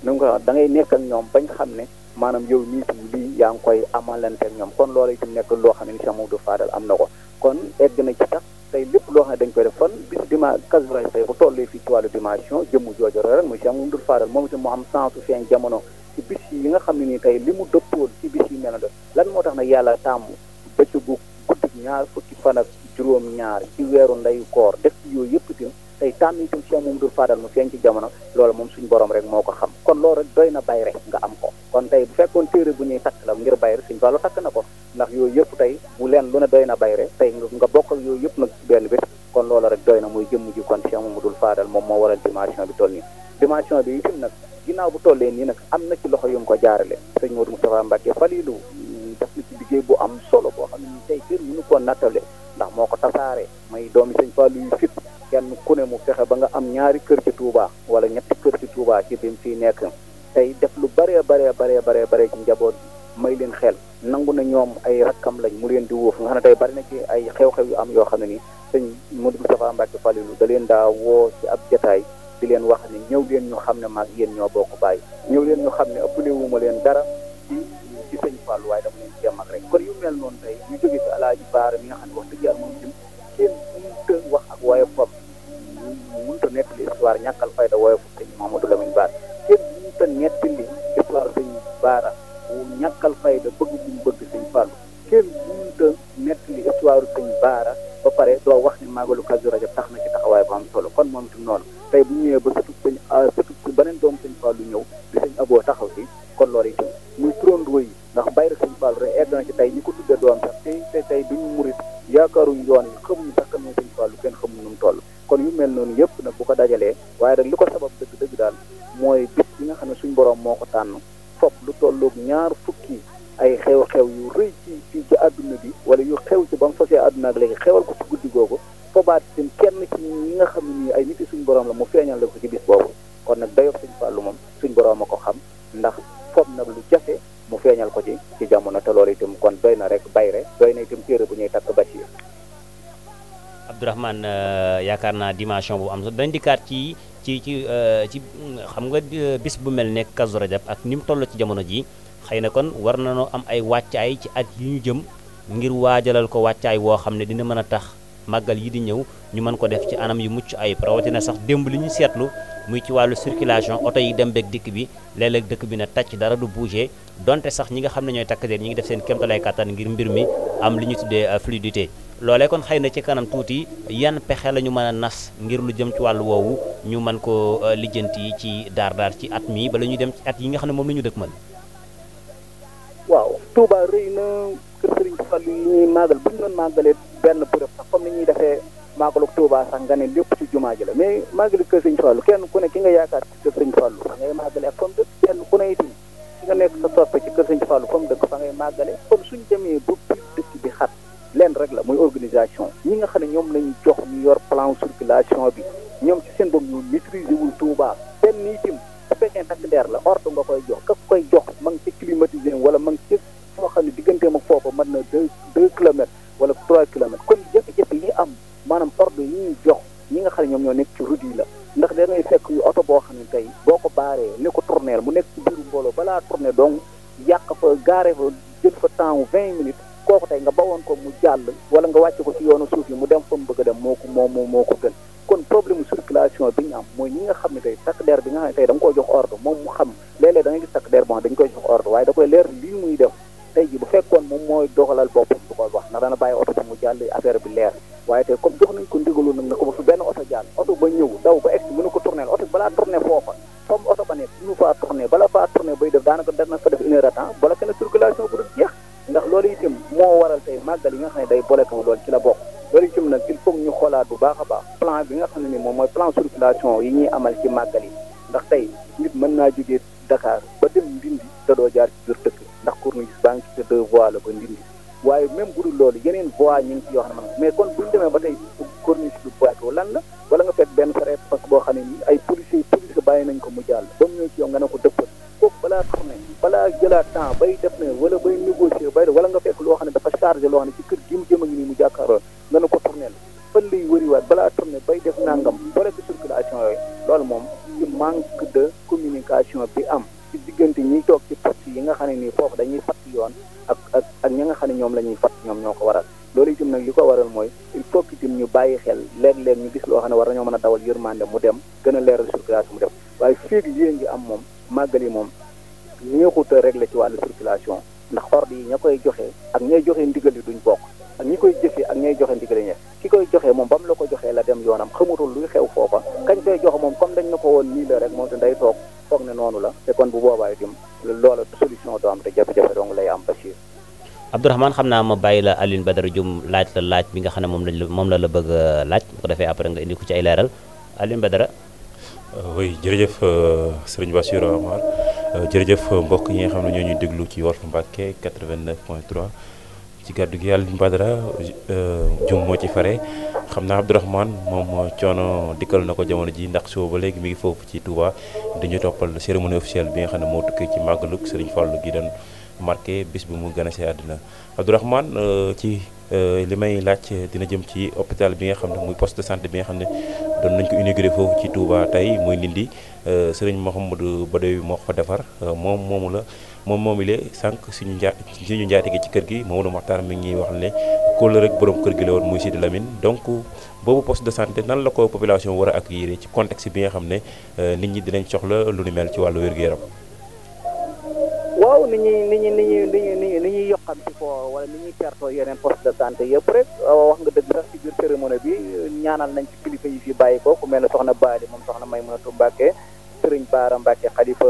nu nga da ngay nekk ak ñoom bañ xam ne maanaam yow nii itam lii yaa ngi koy amalante ak ñoom kon loolu itam nekk loo xam ne ni Cheikh Mamadou Fadal am na ko kon egg na ci tax tey lépp loo xam ne dañ koy def fan bis dimanche Kazu Rajab tey bu tollee fii ci wàllu dimension jëmm jooju ren muy Cheikh Mamadou Fadal moom itam mu am sensu feeñ jamono ci bis yi nga xam ne nii tey li mu dëppoon ci bis yi mel na lan moo tax nag yàlla tàmm bëccëgu guddi ñaar fukki fan juróom-ñaar ci weeru ndeyu koor def ci yooyu yëpp itam tey tànn itam Cheikh Mamadou Fadal mu feeñ ci jamono loolu moom suñu borom rek moo ko xam kon loolu rek doy na bay rek nga am ko kon tey fekkoon téere bu ñuy takk la ngir bay rek suñu Fallou takk na ko ndax yooyu yëpp tey bu leen lu ne doy na bay rek tey nga bokk yooyu yëpp nag benn bi kon loolu rek doy na mooy jëmm ji kon Cheikh Mamadou Fadal moom moo waral dimension bi toll nii dimension bi itam nag ginnaaw bu tollee nii nag am na ci loxo yu ko jaarale sëñ Modou Moustapha Mbacke Falilou mm, def na ci liggéey bu am solo boo xam tey kenn mënu ko nattale moo ko tasaare may doomi sëñ Fallou yu fit kenn ku ne mu fexe ba nga am ñaari kër ci Touba wala ñetti kër ci tuuba ci bi mu fiy nekk tey def lu baree baree baree baree baree ci njaboot may leen xel nangu na ñoom ay rakkam lañ mu leen di wóof nga xam ne tey bari na ci ay xew-xew yu am yoo xam ne ni sëñ Modou Moustapha Mbacke Falilou da leen daa woo ci ab jataay di leen wax ne ñëw leen ñu xam ne maag yéen ñoo bokk bàyyi ñëw leen ñu xam ne ëppale wu ma leen dara ci ci sëñ Fallou waaye dama leen jéem rek kon yu mel noonu tey ñu jóge ci alaaji histoire ñàkkal fayda woyofu sëñ Mamadou Lamine Bara kenn mënu ta nettali histoire sëñ Bara bu ñàkkal fayda bëgg bu mu bëgg sëñ Fallou kenn mënu ta nettali histoire sëñ Bara ba pare doo wax ni maagalu Kazu Rajab tax na ci taxawaay bu am solo kon moom itam noonu tey bu ñëwee ba sëtu sëñ ah, sëtu si beneen doom sëñ Fallou ñëw di sëñ Aboo taxaw si kon loolu itam muy turandoo yi ndax bàyyi sëñ Fallou rek egg na ci tey ñi ko tuddee doom sax tey tey tey duñu murit yaakaaruñ kon yu mel noonu yëpp nag bu ko dajalee waaye rek li ko sabab dëgg-dëgg daal mooy bis bi nga xam ne suñu borom moo ko tànn fopp lu tolloog ñaar fukki ay xew-xew yu rëy ci ci àdduna bi wala yu xew ci ba mu sosee àdduna ak léegi xewal naan euh, yaakaar naa dimension bu am dañ dikkaat ci ci ci euh, ci xam nga euh, bis bu mel ne Kazu Rajab ak ni mu toll ci jamono ji xëy na kon war na nañoo am ay wàccaay ci at yi ñu jëm ngir waajalal ko wàccaay woo xam ne dina mën a tax màggal yi di ñëw ñu mën ko def ci anam yu mucc ay rawatina sax démb li ñu seetlu muy ci wàllu circulation oto yi dem beeg dikk bi léeg dëkk bi na tàcc dara du bouger donte sax ñi nga xam ne ñooy takk der ñi ngi def seen kéemtalaay kattan ngir mbir mi am li ñu loole kon xëy na ci kanam tuuti yan pexe la ñu mën a nas ngir lu jëm ci wàllu woowu ñu mën ko euh, lijjanti ci daar daar ci at mii bala ñu dem ci at yi nga xam ne moom la ñu dëkk mën waaw Touba rëy na kër Sëriñ Fallu ñuy màggal bu ñu doon màggalee benn bërëb sax comme ni ñuy defee màggalu Touba sax nga ne lépp ci jumaa ji la mais màggalu kër Sëriñ Fallu kenn ku ne ki nga yaakaar ci kër Sëriñ Fallu fa ngay màggale ak comme dëkk kenn ku ne itam ki nga nekk comme dëkk fa màggale comme demee leen rek la mooy organisation ñi nga xam ne ñoom lañu jox ñu yor plan circulation bi ñoom ci seen bopp ñu maîtriser wul Touba benn sàll wala nga wàcc ko ci yoonu suuf yi mu dem fa mu bëgg a dem moo ko loi ñu mais kon bu ñu demee ba tey corniche bi boyko lan la wala nga fekk benn sareet parce que boo xam ne nii ay policiers yi police bàyyi ko mu jàll ba mu ñëw ci yow nga ne ko dëppal kooku balaa tourné balaa jëlaat temps bay def ne wala bay négocier bay wala nga fekk loo xam ne dafa chargé loo xam ne ci kër gi mu jëm a ngi nii mu jàkkaaroon nga ne ko tourné la fan lay wëriwaat balaa tourné bay def nangam bare circulation yooyu loolu moom ci manque de communication bi am ci diggante ñiy toog ci poste yi nga xam ne nii foofu dañuy fatt yoon ak ak xam ne ñoom la ñuy fatt ñoom ñoo ko waral bàyyi xel léeg-léeg ñu gis loo xam ne war nañoo mën a dawal yërmande mu dem gën a leeral circulation mu dem waaye féeg yéen ngi am moom màggal yi moom ñeexuta régler ci wàllu circulation ndax ordre yi ña koy joxe ak ñay joxe ndigal duñ bokk ak ñi koy jëfee ak ñay joxe ndigal yi ñe Abdourahmane xam naa ma bàyyi la Alioune Badara Dioum laaj la laaj bi nga xam ne moom lañ la moom la la bëgg a laaj bu defee après nga indi ko ay leeral Alioune Badara. Euh, oui jërëjëf euh, sëriñ Bassirou Amar euh, jërëjëf mbokk yi nga xam ne ñoo ñuy déglu ci Walf Mbacké 89.3 ci gàddu gi Alioune Badara Dioum moo ci fare xam naa Abdourahmane moom moo coono dikkal na ko jamono ji ndax suba ba léegi mi ngi foofu ci Touba dañu toppal cérémonie officielle bi nga xam ne moo tukkee ci màggalu sëriñ Fallou gi doon. marqué bis bi mu gën a see àdduna Abdourahmane euh, ci euh, li may laaj dina jëm ci hôpital bi nga xam ne muy poste de santé bi nga xam ne doon nañ ko inauguré foofu ci Touba tey muy Ndindi euh, sëriñ Mouhamadou Badoy moo ko fa defar moom moomu la moom moomile sànq suñu njaa suñu njaatige ci kër gi Mamadou Makhtar mi ngi wax ne kóol rek borom kër gi la woon muy Sidi Lamine donc boobu poste de santé nan la ko population war a accueillir ci contexte bi nga xam ne nit ñi dinañ soxla lu ni mel ci wàllu wér-gu-yaram. waaw ni ñuy ni ñuy ni ñuy ni ñuy ni ñuy yokkanti foo wala ni ñuy perto yeneen poste de santé yëpp rek wax nga dëgg sax ci biir cérémonie bi ñaanal nañ ci kilifa yi fi bàyyi ko ku mel ne soxna Baali moom soxna Maymunatu Mbàkke sëriñ Baara Mbàkke xalifa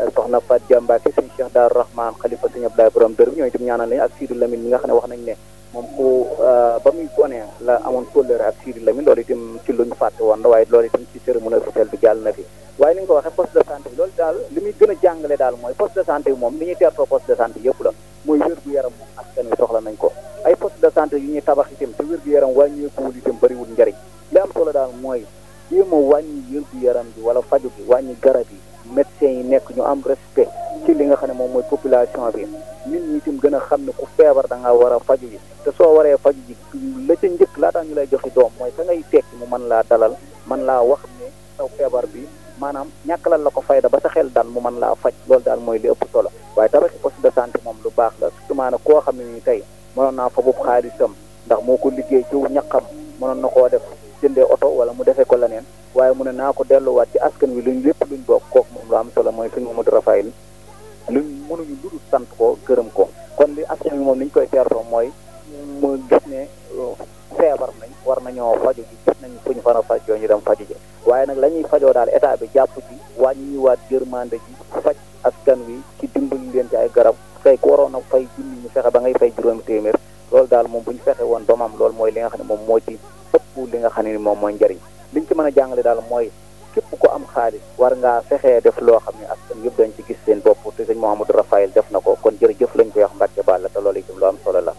eh, soxna Fat Dia Mbàkke sëriñ Cheikh Daaru Rahman xalifa sëriñ Abdoulaye Borom Dër bi ñooñu tam ñaanal nañ ak Sidou Lamine mi nga xam ne wax nañ ne moom ku eh, ba muy gone la amoon kóllëre ak Sidou Lamine loolu itam ci luñ fàtte woon la waaye loolu itam ci cérémonie officielle bi jàll na fi waaye ni nga ko waxee poste de santé bi loolu daal li muy gën a jàngale daal mooy poste de santé bi moom li ñuy teertoo poste de santé yëpp la mooy wér-gu-yaram moom askan wi soxla nañ ko ay poste de santé yu ñuy tabax itam te wér-gu-yaram wàññeekuwul itam bëriwul njëriñ li am solo daal mooy jéem a wàññi wér-gu-yaram bi wala faju bi wàññi garab yi médecins yi nekk ñu am respect kii li nga xam ne moom mooy population bi nit ñi itam gën a xam ne ku feebar da ngaa war a faju yi te soo waree faju ji la ca njëkk laataa ñu lay joxe doom mooy ka ngay tekki mu mën laa dalal mën laa wax ne saw feebar bi maanaam ñàkkalal la ko fayda ba sa xel daal mu man laa faj lool daal mooy li ëpp solo waaye tabaxi poste de santé moom lu baax la surtout koo xam ne nii tey mënoon naa fa boobu xaalisam ndax moo ko liggéey ci ñaqam mënoon na koo def jëndee oto wala mu defee ko leneen waaye mu ne naa ko delluwaat ci askan wi luñ lépp luñ bokk kooku moom lu am solo mooy suñu Mamadou Rafaïl luñ mënuñu lu dul sant ko gërëm ko kon li askan wi moom li ñu koy teertoo mooy mu gis ne feebar nañ war ñoo faju ji gis nañ fu ñu fan a fajoo ñu dem faju ji waaye nag lañuy fajoo daal état bi jàpp ci wàññiwaat jërmande ji faj askan wi ci dimbali leen ci ay garab kay ku waroon a fay junni ñu fexe ba ngay fay juróomi téeméer loolu daal moom bu fexe woon ba moom loolu mooy li nga xam ne moom moo ci ëpp li nga xam ne moom mooy njëriñ liñ ci mën a jàngale daal mooy képp ko am xaalis war ngaa fexee def loo xam ne askan yëpp dañ ci gis seen bopp te sëñ Mouhamadou Rafael def na ko kon jërëjëf lañ koy wax Mbacke Balla te loolu itam lu la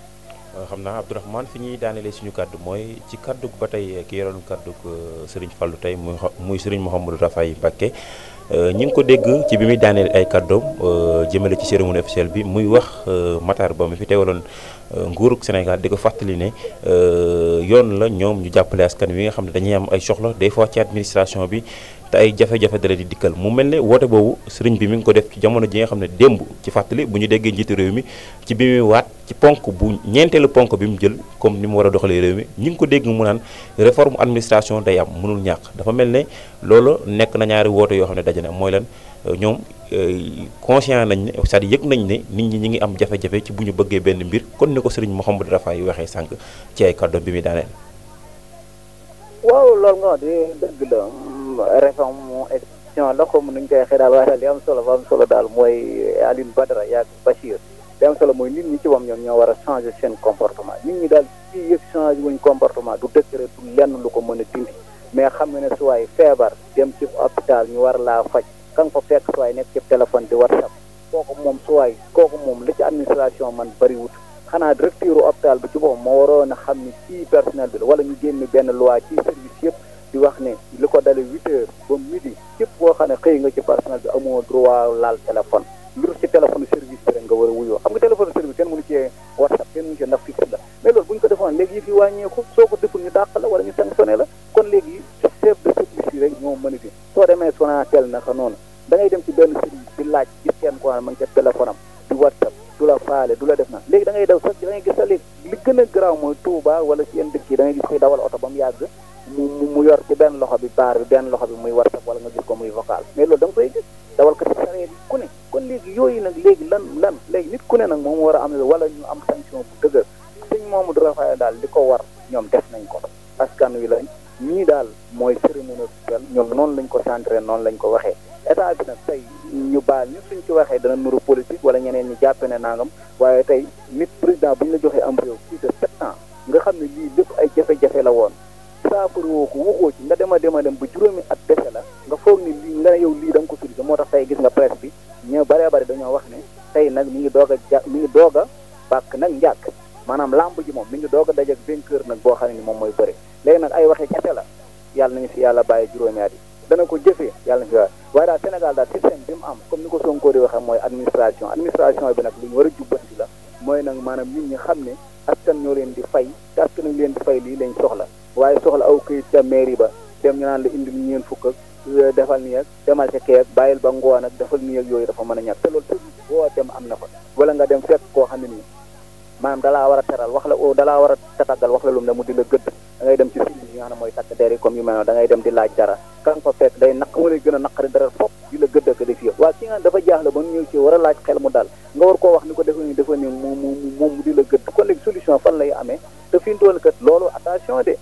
Euh, xam naa Abdourahmane fi ñuy daanelee suñu kàddu mooy ci kàddu ba tey ki yoroon kàddu euh, Serigne Fallou tey muy muy Serigne Mouhamadou Rafahi Mbacké euh, ñi ngi ko dégg ci bi muy daaneel ay kàddoom jëmale ci cérémonie officielle bi muy wax Matar Ba mi fi teewaloon nguurug Sénégal di ko fàttali ne yoon la ñoom ñu jàppale askan wi nga xam ne dañuy am ay soxla des fois ci administration bi. te ay jafe-jafe dara di dikkal mu mel ne woote boobu sëriñ bi mi ngi ko def ci jamono ji nga xam ne démb ci fàttali bu ñu déggee njiitu réew mi ci bi muy waat ci ponk bu ñeenteelu ponk bi mu jël comme ni mu war a doxalee réew mi ñu ngi ko dégg mu naan réforme administration day am mënul ñàkk dafa mel ne loolu nekk na ñaari woote yoo xam ne daje na mooy lan ñoom euh, conscient nañ ne cest à yëg nañ ne nit ñi ñu ngi am jafe-jafe ci bu ñu bëggee benn mbir kon ni ko sëriñ Mouhamadou Rafa yi waxee sànq ci ay kàddoom bi muy daaneel. réforme mu la la xaw ma ñu koy waxee daal waaye daal li am solo ba am solo daal mooy Alioune Badara yaag Bachir li am solo mooy nit ñi ci wam ñoom ñoo war a changer seen comportement nit ñi daal fii yëpp changer wuñ comportement du décret du lenn lu ko mën a dindi mais xam nga ne su waay feebar dem ci hôpital ñu war laa faj kan ko fekk su waay nekk ci téléphone di WhatsApp kooku moom su waay kooku moom li ci administration man bëriwut xanaa directeur hôpital bi ci boppam moo waroon a xam ni kii bi la wala ñu génn benn loi ci yëpp di wax ne li ko dale huit heures ba midi koo xam ne xëy nga ci personnel bi amoo droit laal téléphone lu ci téléphone service bi rek nga war a wuyoo xam nga téléphone service kenn mënu cee whatsapp kenn mënu cee ndax bu ñu ko defoon léegi yi fi soo ko deful ñu dàq la wala ñu sanctionné la kon léegi chef de service yi rek ñoo mën a fi soo demee Sonatel naka noonu da dem ci benn service di laaj gis kenn koo man ne ma ngi ca téléphone am whatsapp du la faale du la def na léegi da ngay daw sax da ngay gis sa léegi li gën a garaaw mooy Touba wala ci yenn dëkk yi da ngay gis koy dawal oto ba mu yàgg mu mu yor ci benn loxo bi baar bi benn loxo bi muy WhatsApp wala nga gis ko muy vocal mais loolu da nga koy gis dawalkati sareet yi ku ne kon léegi yooyu nag léegi lan lan léegi nit ku ne nag moom war a am wala ñu am sanction bu dëgër sëñ moomu durafaye daal li ko war ñoom def nañ ko askan wi lañ ñii daal mooy cérémonie officielle ñoom noonu lañ ko centré noonu lañ ko waxee état bi nag tey ñu baal ñu suñ ci waxee dana nuru politique wala ñeneen ñi jàppe ne nangam waaye tey nit président bu ñu la joxee am réew plus de nga xam ne lii lépp ay jafe la woon saafara woo ko waxoo ci nga dem a dem a dem ba juróomi at dese la nga foog ni lii nga yow lii da ko solution moo tax tey gis nga presse bi ñu bëree bëri dañoo wax ne tey nag mi ngi doog a ja mi ngi doog a bàkk nag njàkk maanaam lamb ji moom mi ngi doog a dajeeg vainqueur nag boo xam ne ni moom mooy bëre léegi nag ay waxee kese la yàlla nañu si yàlla bàyyi juróomi at yi dana ko jëfee yàlla na fi waaye waaye daal Sénégal daal système mu am comme ni ko Sonko di waxee mooy administration administration bi nag lu ñu a jubbanti la mooy nag maanaam nit ñi xam ne askan ñoo leen di fay te askan leen di fay lii lañ soxla waaye soxla aw këyit ca mairie ba dem naan la indi indil ñeen fukk ak euh, defal nii ak demal ca kee ak bàyyil ba ngoon ak defal nii ak yooyu dafa mën a ñàkk te loolu te am na fa wala nga dem fekk koo xam ne nii maanaam war a teral wax la o oh, dalaa war a tatagal wax la lum ne mu di gëdd da dem ci film yi mooy takk der yi comme ngay dem di laaj dara kan fa fekk day naq moo lay gën a naqari la gëdd ak def yëf waaye ba ñëw war a xel mu dal nga koo wax ni ko defe ni defe ni di la gëdd kon léegi solution fan lay amee fi mu toll kat loolu attention de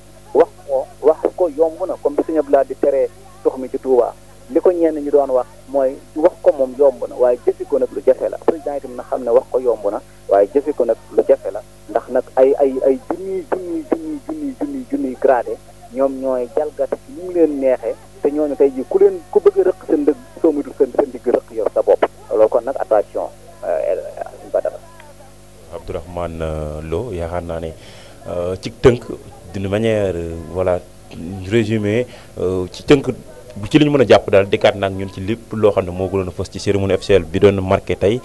ko yomb na comme bi suñu laa di teree tux mi ci Touba li ko ñenn ñu doon wax mooy wax ko moom yomb na waaye jëfi ko nag lu jafe la président na xam ne wax ko yomb na waaye jëfi ko nag lu jafe la ndax nag ay ay ay junniy junniy junniy junniy junniy junniy gradé ñoom ñooy jalgati ci ni leen neexee te ñooñu tey jii ku leen ku bëgg a rëq seen dëgg soo muy dul seen seen rëq yow sa bopp loolu kon nag attention euh, Alioune Badara. Abdourahmane euh, Lo yaakaar naa ne euh, ci tënk d'une manière voilà. résumé euh, ci tënk ci li mën a jàpp daal dikkaat na ak ñun ci lépp loo xam ne moo gënoon a fës ci cérémonie officielle bi doon marqué tey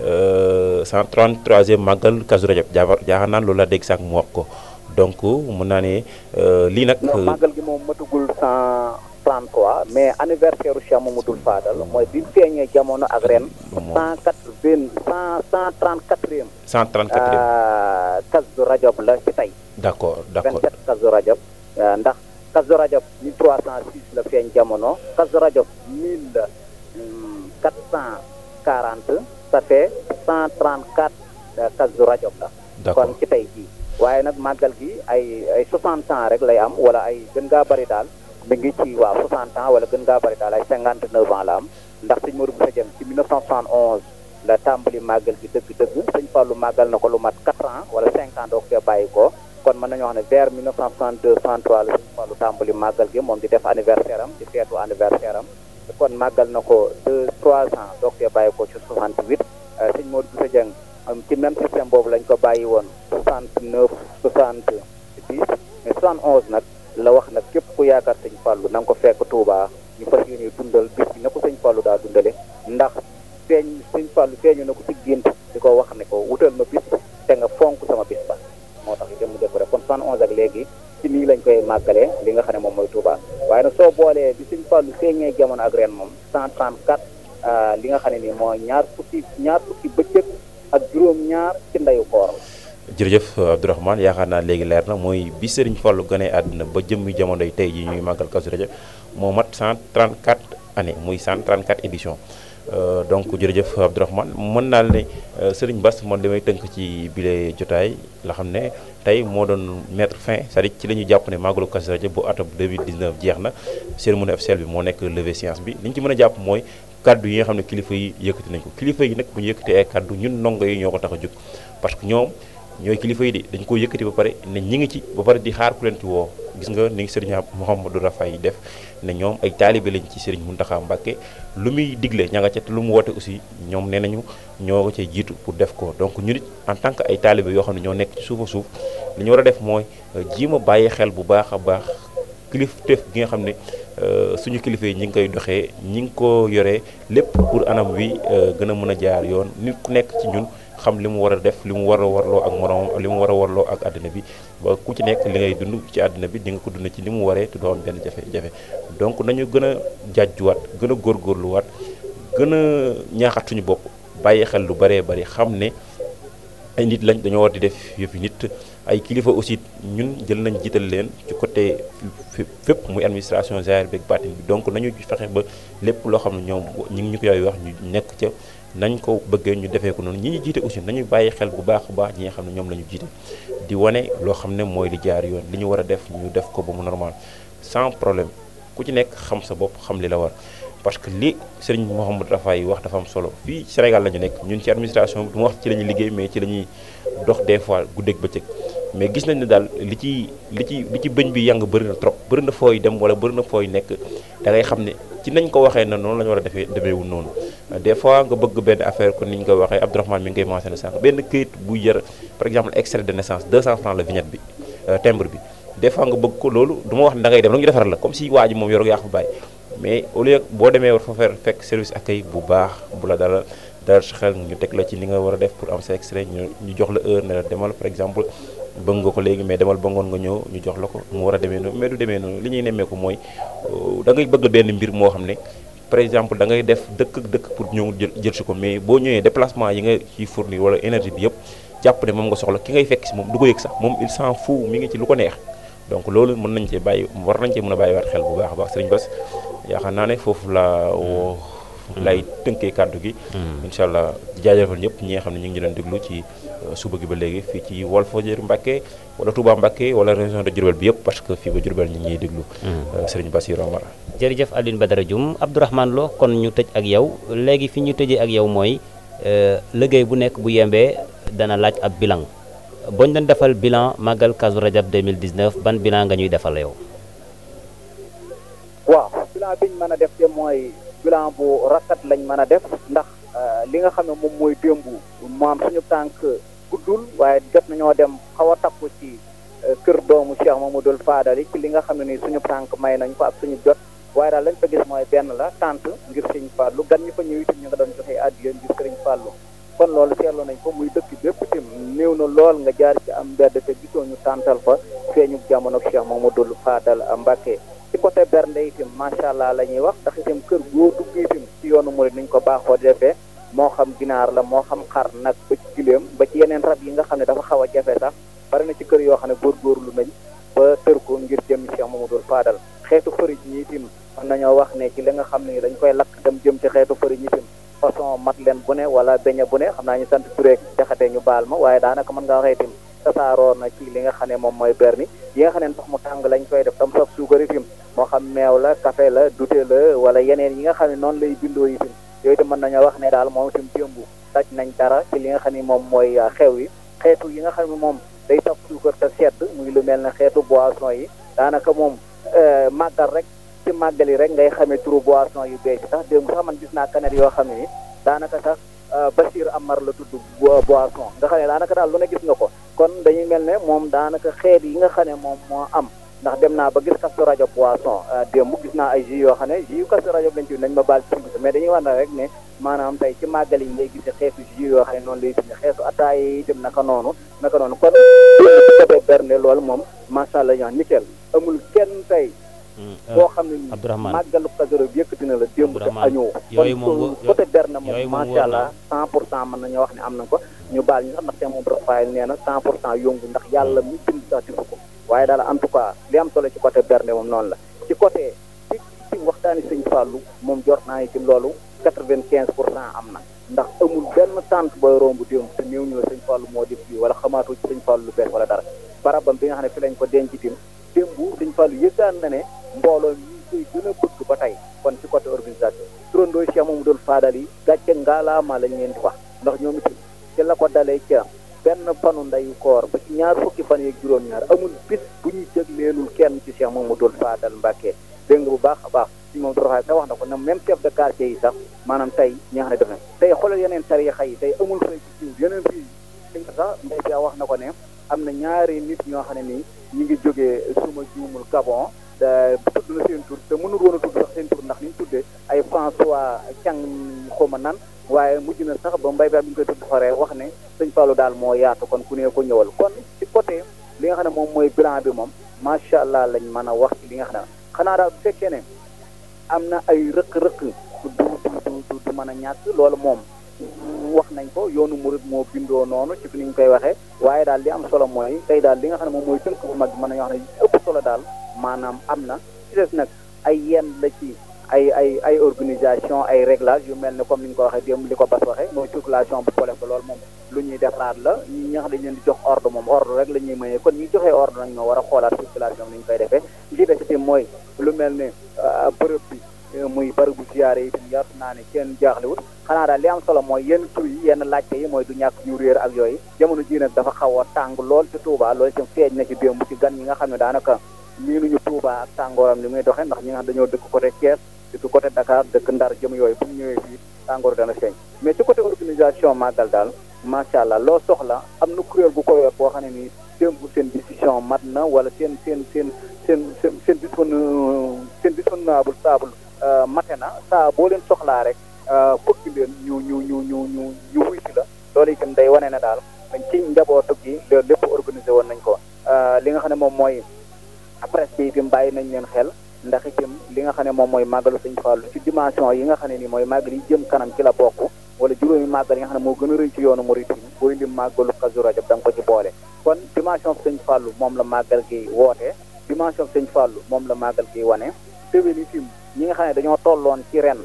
133e euh, màggal Kazu Rajab jaaxar naan loolu la dégg sax mu wax ko donc mën naa ne euh, lii nag. non màggal gi moom matugul 133 mais anniversaire u Cheikh Mamadou Fadal mooy bi feeñee jamono ak ren. cent quatre vingt cent trente quatrième. cent trente quatrième Kazu Rajab la ci tey. d' accord d' accord 27 Kazu waaw euh, ndax Kazu Rajab 1306 la feeñ jamono Kazu Rajab 1440 ça fait 134 euh, Kazu Rajab la kon ci tey jii waaye nag màggal gi ay ay 60 ans rek lay am wala ay gën ngaa bari daal mi ngi ci waaw 60 ans wala gën ngaa bari daal ay 59 ans la am ndax sëñ Modou Bousso Dieng ci 1971 la tàmbali màggal gi dëgg-dëgg sëñ Fallou màggal na ko lu mat 4 ans wala 5 ans doo bàyyi ko kon mën nañoo wax ne vers 1962 63 la suñu wàllu tàmbali màggal gi moom di def anniversaire am di seetu anniversaire am kon màggal na ko deux trois ans doog cee bàyyi ko ci 68 euh, sëñ Modou Bousso Dieng ci même système boobu lañ ko bàyyi woon 69 70 mais 71 nag la wax nag képp ku yaakaar sëñ Fallou na nga ko fekk Touba ñu fas yéene dundal bis bi na ko sëñ Fallou daa dundale ndax feeñ sëñ Fallou feeñu na ko ci gént di ko wax ne ko wutal ma bis te nga fonk sama bis yi te mu def ko rek kon 71 ak léegi ci lii lañ koy màggalee li nga xam ne moom mooy Touba waaye nag soo boolee bi Sëñ Fallu feeñee jamono ak ren moom 134 euh, li nga xam ne nii mooy ñaar fukki ñaar fukki bëccëg ak juróom-ñaar ci ndeyu koor jërëjëf Abdourahmane yaakaar naa léegi leer na mooy bi seriñ Fallu gënee àdduna ba jëmmi jamonoy tey ji ñuy màggal Kazu Rajab moo mat 134 année muy 134 édition Euh, donc jërëjëf Abdourahmane mën naa ne euh, Serigne Bass man li may tënk ci bile jotaay la xam ne tey moo doon metre fin cest ci la ñu jàpp ne Magalu Kazu Rajab bu atum 2019 jeex na cérémonie officielle bi moo nekk levée séance bi li ci mën a jàpp mooy kaddu yi nga xam ne kilifa yi yëkkati nañ ko kilifa yi nag bu ñu yëkkatee ay kaddu ñun ndongo yi ñoo ko tax a jóg parce que ñoom. ñooy kilifa yi de dañ koo yëkkati ba pare ne ñi ngi ci ba pare di xaar ku leen ci woo gis nga ni sëriñ Mouhamadou Rafaay def ne ñoom ay taalibe lañ ci sëriñ Mountakha Mbacké lu muy digle ñanga nga ca te lu mu woote aussi ñoom nee nañu ñoo ko jiitu pour def ko donc ñu nit en tant que ay taalibe yoo xam ne ñoo nekk ci suufa suuf li ñu war a def mooy euh, jiima bàyyi xel bu baax a baax kilifteef gi nga xam ne euh, suñu kilifa yi ñu ngi koy doxee ñi ngi ko yoree lépp pour anam wi euh, gën a mën a jaar yoon nit ku nekk ci ñun xam li mu war a def li mu war a warloo ak moroom li mu war a warloo ak àddina bi ba ku ci nekk li ngay dund ci àddina bi dinga ko dund ci li mu waree te doo benn jafe-jafe donc nañu gën a jàjjuwaat gën a góorgóorluwaat gën a ñaaxaat suñu bàyyi xel lu baree bari xam ne ay nit lañ dañoo war di def yëfi nit ay kilifa aussi ñun jël nañ jiital leen ci côté fépp muy administration zaahir beeg baatin bi donc nañu fexe ba lépp loo xam ne ñoom ñu ngi ñu koy wax ñu nekk ca nañ ko bëggee ñu defee ko noonu ñi ñu jiite aussi nañu bàyyi xel bu baax baax ñi nga xam ne ñoom la ñu jiite di wane loo xam ne mooy li jaar yoon li ñu war a def ñu def ko ba mu normal sans problème ku ci nekk xam sa bopp xam li la war parce que li sëriñ Mouhamadou Rafaay wax dafa am solo fii Sénégal la ñu nekk ñun ci administration bi wax ci la ñuy liggéey mais ci la ñuy dox des fois ba bëccëg mais gis nañ ne daal li ci li ci li ci bëñ bi yàng bëri na trop bëri na fooy dem wala bëri na fooy nekk da ngay xam ne ci nañ ko waxee na noonu la ñu war a defee demeewul noonu des fois nga bëgg benn affaire kon ni ñu ko waxee Abdourahmane mi ngi koy mentionné benn këyit bu yër par exemple extrait de naissance 200 francs la vignette bi euh, timbre bi des nga bëgg ko loolu du ma wax ne da ngay dem rek ñu defaral la comme si waa ji moom yoroo yaa fa bàyyi mais au fekk service accueil bu baax bu la dala dara ñu teg la ci li nga war a def pour am sa la heure ne la demal exemple bëgg nga ko léegi mais demal ba ngoon nga ñëw ñu jox la ko mu war a demee noonu mais du demee noonu li ñuy nemmeeku mooy euh, da bëgg benn mbir moo xam ne par exemple dangay def dëkk dëkk pour ñëw jël jël si ko mais boo ñëwee déplacement yi nga ciy fournir wala énergie bi yëpp jàpp ne moom nga soxla ki ngay fekk si moom du ko yëg sax moom il s'en fout mi ngi ci lu ko neex donc loolu mën nañ cee bàyyi war nañ cee mën a bàyyiwaat xel bu baax a baax sëriñ Bass yaakaar naa ne foofu la woo lay tënkee kàddu gi mm. incha allah jaajëfal ñëpp ñi xam ne ñu ngi leen déglu ci euh, suba gi ba léegi fii ci Walfadjri Mbàkke wala Touba Mbàkke wala région de Diourbel bi yëpp parce que fii ba Diourbel ñi ñuy déglu mm. euh, Serigne Bassirou Omar jërëjëf Alioune Badara Dioum Abdourahmane loo kon ñu tëj ak yow léegi fi ñu tëjee ak yow mooy euh, liggéey bu nekk bu yembee dana laaj ab bilan boñ doon defal bilan màggal Kazu Rajab 2019 ban bilan nga ñuy defal yow waaw bilan biñ bilan bu rafet lañ mën a def ndax euh, li nga xam ne moom mooy démb maam suñu tànk guddul waaye jot ñoo dem xaw a takku ci euh, kër doomu Cheikh Mamadou Fadali ci li nga xam ne nii suñu tànk may nañ ko ak suñu jot waaye daal lañ fa gis mooy benn la tànt ngir sëñ Fallou gan ñi fa ñëw itam ñu nga doon joxe addiya ngir sëriñ Fallou kon loolu seetlu nañ ko muy dëkk bépp itam néew lool nga jaar ci am mbedd te gisoo ñu tàntal fa feeñu jamono Cheikh Mamadou Fadal Mbacké ci côté bernde itam macha allah la ñuy wax ndax itam kër goo dugg itam ci yoonu murid niñ ko baaxoo di defee moo xam ginaar la moo xam xar nag ba ci ba ci yeneen rab yi nga xam ne dafa xaw a jafe sax bari na ci kër yoo xam ne góorgóorlu nañ ba tër ko ngir jëm Cheikh Mamadou Fadal xeetu farij ñi itam mën nañoo wax ne ci nga xam ne dañ koy lakk dem jëm ci xeetu farij ñi itam façon mat leen bu ne wala beñe bu ne xam naa ñu sant Touré ñu baal ma waaye daanaka mën nga waxee itam tasaaroo na ci li nga xam ne moom mooy berni yi nga xam ne ndox mu tàng lañ koy def tam sax suukar itam moo xam meew la café la dute la wala yeneen yi nga xam ne noonu lay bindoo itam yooyu itam mën nañoo wax ne daal moom itam démb daj nañ dara li nga xam ne moom mooy ah, xew yi xeetu yi nga xam moom day tax suukar te sedd muy lu mel ne xeetu boisson yi daanaka moom euh, màggal rek ci màggal yi rek ngay xamee turu boisson yu bees sax démb man gis naa kanet yoo xam ne daanaka sax euh, Bachir Amar la tudd boisson nga xam ne daanaka daal lu ne gis nga ko kon dañuy mel ne moom daanaka xeet yi nga xam ne moom moo am ndax dem naa ba gis kastu rajo poisson euh, démb gis naa ay jus yoo xam ne jus yu kastu rajo lañ ci nañ ma baal ci mais dañuy wax na rek ne maanaam tey ci màggal yi ngay gis xeetu jus yoo xam ne noonu lay gis xeetu attaay yi itam naka noonu naka noonu kon côté berne loolu moom macha allah ñoo nickel amul kenn tey boo hmm, euh, xam ne Abdourahmane màggalu Kazu Rajab yëkkati na la démb te añoo kon côté berne moom macha allah cent pour cent mën nañoo wax ne am nañ ko ñu baal ñu sax ndax te moom profil nee na cent pour cent yongu ndax yàlla mi bind sax difu ko waaye daal en tout cas li am solo ci côté bernde moom noonu la ci côté ci ci waxtaani sëñ Fallou moom jot naa ci loolu quatre-vingt-quinze pour cent am na ndax amul benn tànt booy romb démb te néew ñu la sëñ Fallou moo def bii wala xamaatoo ci sëñ Fallou lu bees wala dara barabam bi nga xam ne fi ko denc tim démb sëñ Fallou yëgaan na ne mbooloo ñu koy gën a bëgg ba tey kon ci côté organisation turandoo Cheikh Mamadou Fadal yi gàcce ngaalaama lañ leen di wax ndax ñoom itam ci la ko dalee ci benn fanu ndeyu koor ba ci ñaar fukki fan yeeg juróom-ñaar amul bis bu ñu jëgleelul kenn ci moom Cheikh Mamadou Fadal Mbacke dégg nga bu baax a baax si moom toroxaay sax wax na ko na même chef de quartier yi sax maanaam tey ñi nga xam ne def na tey xoolal yeneen tariixa yi tey amul fay ci jiw yeneen fii sax mbay bi wax na ko ne am na ñaari nit ñoo xam ne nii ñu ngi jógee suma juumul Gabon tudd euh, na seen tur te mënul woon a tudd sax seen tur ndax ni ñu tuddee ay François Cang xawma nan waaye mujj na sax ba mbay ba bi ñu koy wax ne sëñ Fallou daal moo yaatu kon ku ne ko ñëwal kon ci côté li nga xam ne moom mooy bilan bi moom macha allah lañ man a wax li nga xam ne xanaa daal bu fekkee ne am na ay rëq-rëq du du du mën a ñàkk loolu moom wax nañ ko yoonu murid moo bindoo noonu ci fi niñ koy waxee waaye daal li am solo mooy tey daal li nga xam ne moom mooy tënk bu mag bi mën nañu wax ne ëpp solo daal maanaam am na ci des nag ay yenn la ci ay ay ay organisation ay réglage yu mel ne comme nu ñu ko waxee démb li ko bas waxee mooy circulation bu polef ba loolu moom lu ñuy defaraat la ñi nga xam dañ leen di jox ordre moom ordre rek la ñuy mayee kon ñi joxee ordre nag ñoo war a xoolaat circulation bi ñu koy defee li des itam mooy lu mel ne euh, bërëb bi euh, muy bërëbu ziyaare yi tam yaatu naa ne kenn jaaxlewut xanaa daal li am solo mooy yenn tur yi yenn laajte yi mooy du ñàkk ñu réer ak yooyu jamono jii nag dafa xaw a tàng lool ci Touba na ci démb ci gan ñi nga xam ne daanaka ñu Touba ak tàngooram ni muy doxe ndax ñi nga xam dañoo dëkk côté Thiès dëkk côté Dakar dëkk Ndar jëm yooyu bu ñëwee fii tàngoor dana feeñ mais ci côté organisation màggal daal macha allah loo soxla am na kuréel ko boo xam ne nii démb seen décision mat na wala seen seen seen seen seen seen dispon seen disponible saabul euh, mate na saa boo leen soxlaa rek fëkk euh, leen ñu ñu ñu ñu ñu ñu wuy si la loolu itam day wane na daal dañ ci njaboot gi lépp organisé woon nañ ko euh, li nga xam ne moom mooy après bi itam bàyyi nañ leen xel ndax itam li nga xam ne moom mooy màggalu sëñ Fallou ci dimension yi nga xam ne nii mooy màggal yi jëm kanam ci la bokk wala juróomi màggal yi nga xam ne moo gën a rëy ci yoonu murit yi booy lim màggalu Kazu Rajab da nga ko ci boole kon dimension sëñ Fallou moom la màggal gi woote dimension sëñ Fallou moom la màggal gi wane tewen itam ñi nga xam ne dañoo tolloon ci ren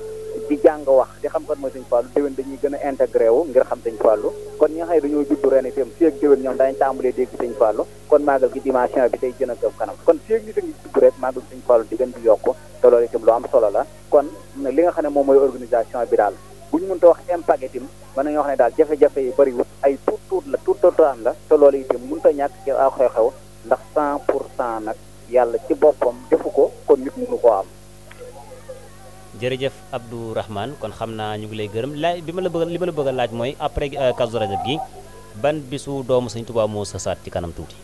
di jàng wax di xam kan mooy sëñ Fallou déwén dañuy gën a intégré wu ngir xam sëñ Fallou kon ñi nga xam ne dañoo juddu ren itam fii ak déwén ñoom daañu tàmbalee dégg sëñ Fallou kon màggal gi dimension bi day gën a gëm kanam kon fii ak nit a ngi juddu rek màggal sëñ Fallou di gën yokk te loolu itam lu am solo la kon li nga xam ne moom mooy organisation bi daal bu ñu mënta wax impact itam mën nañoo wax ne daal jafe-jafe yi bëriwut ay tuut tuut la tuut tuut am la te loolu itam mënta ñàkk ci xew-xew ndax 100 pour cent nag yàlla ci boppam defu ko kon nit mënu koo am jërëjëf Abdou Rahman kon xam naa ñu ngi lay gërëm laaj bi ma la bëgg li ma la bëgg a laaj mooy après euh, Kazu Rajab gi ban bisu doomu Sëñ Tuubaa moo sësaat ci kanam tuuti.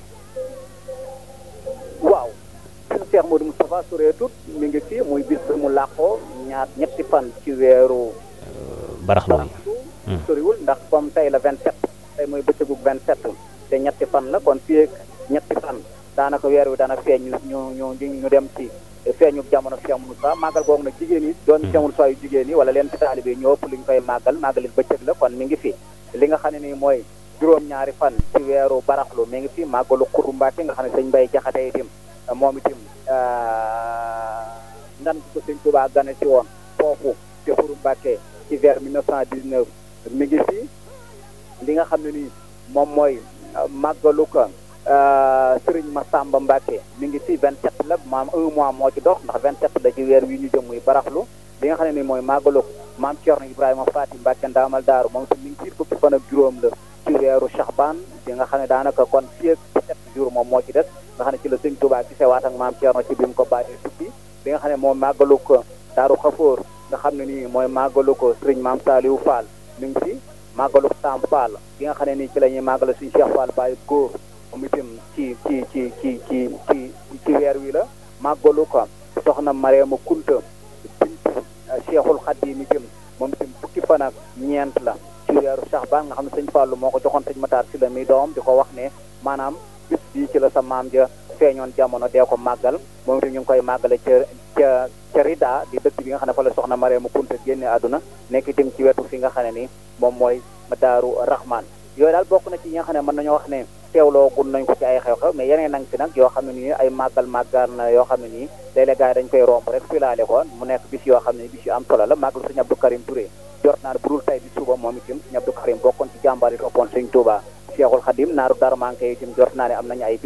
waaw suñu Cheikh Modou Moustapha sureetut mi ngi fii mu làqoo ñaar ñetti fan ci weeru. Euh, baraxlu yi hmm. soriwul ndax comme tey la 27 tey mooy bëccëgu 27 te ñetti fan la kon fii ak ñetti fan daanaka weer wi dana feeñ ñu ñu ñu ñu dem ci. feeñu jamono Cheikh Moussa màggal googu nag jigéen yi doon Cheikh hmm. Moussa yu jigéen yi wala leen ci taalibe yi ñoo ëpp lu ñu koy màggal màggalit bëccëg la kon mi ngi fi li nga xam ne nii mooy juróom-ñaari fan ci weeru baraxlu mi ngi fi màggalu xurumbaati nga xam ne sëñ Mbay Jaxate itim moom itim euh, ngan ko sëñ Tuubaa si woon foofu ci xurumbaake ci vers 1919 mi ngi li nga xam ne nii moom mooy euh, màggalu Euh, sëriñ Massamba Mbacke mi ngi fii 27 la maam un mois moo ci dox ndax 27 la ci weer wi ñu jëm muy baraxlu li nga xam ne ni mooy màggalug maam Thierno Ibrahima Faty Mbacke ndaamal daaru moom itam mi ngi fii fukki nga xam ne daanaka kon fii ak moom moo ci des nga xam ci la sëñ Touba gisewaat ak maam Thierno ci bi mu ko bàyyee tukki bi nga ne moom màggalug daaru xafoor nga xam ne ni mooy màggalu ko sëriñ maam Saliou Fall mi ngi fi màggalug Sam Fall bi nga xam ne nii ci la ñuy màggal suñu Cheikh Fall bàyyi góor moom itam ci ci ci ci ci ci ci weer wi la màggalu ko soxna Mariama Kunta bint ah, Cheikhul Khadim itam moom itam fukki fan ak ñeent la ci weeru Saxbaan nga xam ne sëñ Fallou moo ko joxoon sëñ Matar si la mi doom di ko wax ne maanaam bis bii ci la sa maam ja feeñoon jamono dee ko màggal moom itam ñu ngi koy màggale ca ca ca Rida di dëkk bi nga xam ne fa la soxna Mariama Kunta génne àdduna nekk itam ci wetu fi nga xam ne ni moom mooy Daaru Rahman yooyu daal bokk na ci ñi nga xam ne mën nañoo wax ne teewloo gun nañ ko ci ay xew-xew mais yeneen nang fi nag yoo xam ne nii ay màggal màggaan yoo xam ne nii léeg-léeg dañ koy romb rek filaale ko mu nekk bis yoo xam ne bis yu am solo la màggal sëñ naa bu dul tey bi yi toppoon naa ne am nañu ay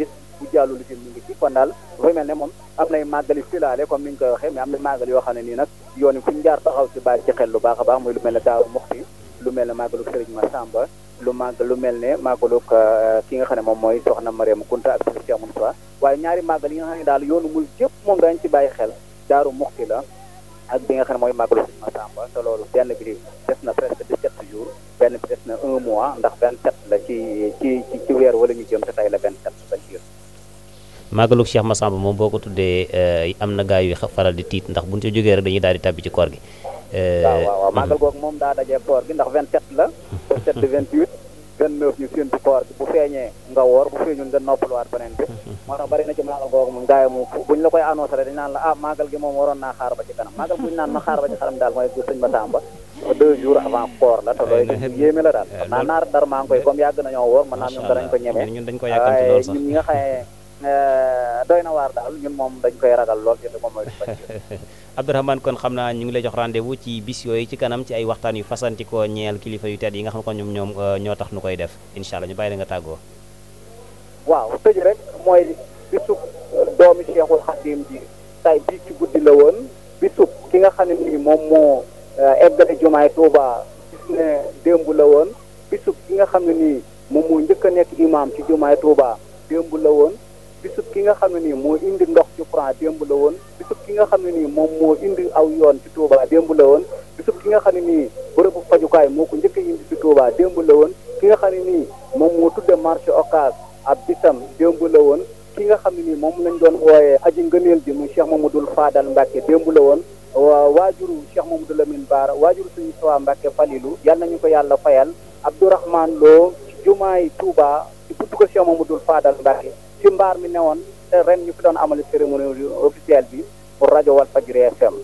kon daal mel ne moom am nay màggali filaale comme ni ñu koy waxee mais am na màggal yoo xam ne nii nag yoon yi fu ñu jaar taxaw ci bàyyi ci xel lu baax a baax muy lu mel ne Daaru Muxti lu mel ne màggalu Sëriñ Massamba lu màgg lu mel ne màggalug euh, ki nga xam ne moom mooy soxna Mariama Kunta ak Sëriñ Cheikh Moussa waaye ñaari màggal yi nga xam ne daal yoonu mul yëpp moom dañ ci bàyyi xel daaru muxti la ak bi nga xam ne mooy màggalu Sëriñ Massamba te loolu benn bi des na presque dix-sept jours benn bi des na un mois ndax vingt ci ci wala ñu jëm te tey la vingt-sept ba ci màggalug Cheikh moom boo ko tuddee euh, am na gaa yu faral di tiit ndax buñu ci jógee rek dañuy daal di tàbbi ci koor gi Euh, waaw waaw mhm. màggal googu moom daa dajee koor gi ndax 27 la. 27 de 28 29 ñu séntu koor gi bu feeñee nga woor bu feeñul nga noppaluwaat beneen bi. Mhm. moo tax bari na ci màggal googu moom gars moom buñ la koy annoncé dañ naan la ah màggal gi moom waroon xaar ba ci kanam màggal buñ naan ma xaar ba ci kanam daal mooy sëñ Massamba. deux jours avant koor la daal naa naar dar maa ngi koy comme yàgg nañoo woor mën naa ñun danañ ko ñeme. ñun dañ ko yàkkamti lool sax ñi Euh, doy na waar daal ñun moom dañ koy ragal lool te kon xam naa ñu ngi lay jox rendez-vous ci bis yooyu ci kanam ci ay waxtaan yu fasantikoo ñeel kilifa yu tedd yi nga xam ko ñoom ñoom euh, ñoo tax nu koy def incha allah ñu bàyyi la nga tàggoo waaw tëj rek mooy bisub doomi Cheikhul Khadim bi tay guddi la woon bisub ki nga xam ne nii moom moo euh, eggale jumaay Touba gis ne démb la woon bisub ki nga xam ne nii moom moo njëkk a nekk imaam ci jumaay Touba démb la woon bisub ki nga xam ne nii moo indi ndox ci Franc démb la woon bisub ki nga xam ne nii moom moo indi aw yoon ci Touba démb la woon bisub ki nga xam ne nii bërëbu fajukaay moo ko njëkk indi ci Touba démb la woon ki nga xam ne nii moom moo tudde marché Ocass ab bisam démb la woon ki nga xam ne nii moom lañ doon wooyee aji ngëneel ji muy Cheikh Mamadou faadal Mbacke démb la woon waajuru Cheikh Mamadou Lamine Baara waajuru suñu Sowa Mbacke Falilou yal nañu ko yàlla fayal Abdourahmane Lo ci jumaay Touba ci buntu ko Cheikh Mamadou Fadal Mbacke fi mbaar mi newoon te ren ñu fi doon amale cérémonie officielle bi pour rajo Walfadjri FM.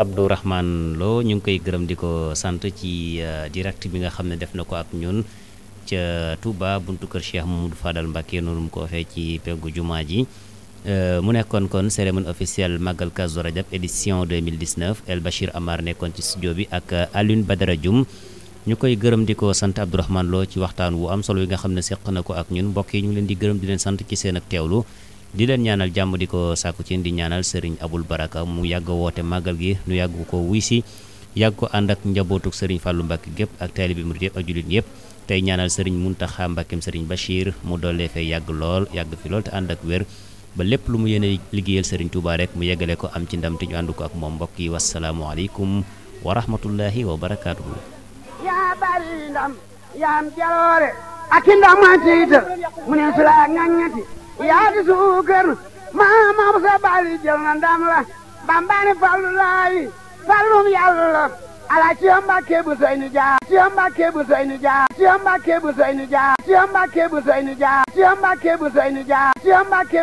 Abdourahmane ñu ngi koy gërëm di ko sant ci euh, direct bi nga xam ne def na ko ak ñun ca Touba buntu kër Cheikh mu Fadal Mbacké noonu mu ko waxee ci peggu jumaa ji euh, mu nekkoon kon cérémonie officielle Magal Kazu Rajab édition 2019 El Bachir Amar nekkoon ci studio bi ak euh, Alioune Badara Dioum. ñu koy gërëm di ko sant Abdourahmane Lo ci waxtaan wu am solo yi nga xam ne seq na ko ak ñun mbokk yi ñu ngi leen di gërëm di leen sant ci seen ak teewlu di leen ñaanal jàmm di ko sàkku ci di ñaanal sëriñ Abul Baraka mu yàgg woote màggal gi nu yàgg ko wuy si yàgg ko ànd ak njabootuk sëriñ Fàllu Mbàkke gépp ak taalibe mu yëpp ak jullit yëpp tey ñaanal sëriñ Muntaxa Mbàkkeem sëriñ Bachir mu doolee fee yàgg lool yàgg fi lool te ànd ak wér ba lépp lu mu yéene liggéeyal sëriñ Touba rek mu yeggale ko am ci te ñu ànd ko ak moom mbokk yi wasalaamualeykum wa rahmatullahi wa barakaatuhu yaa bari ndam yaa am jaloore ak i ndam ma tiital mu ne su la ŋaññati yaa di suukar maa maam sa bari jël na ndam la bambani fallu laayi fallum yàlla ala ciyo mbakke bu soy ni jaar ciyo mbakke bu soy ni jaar ciyo mbakke bu soy ni jaar ciyo mbakke bu soy ni jaar ciyo mbakke bu soy ni jaar ciyo mbakke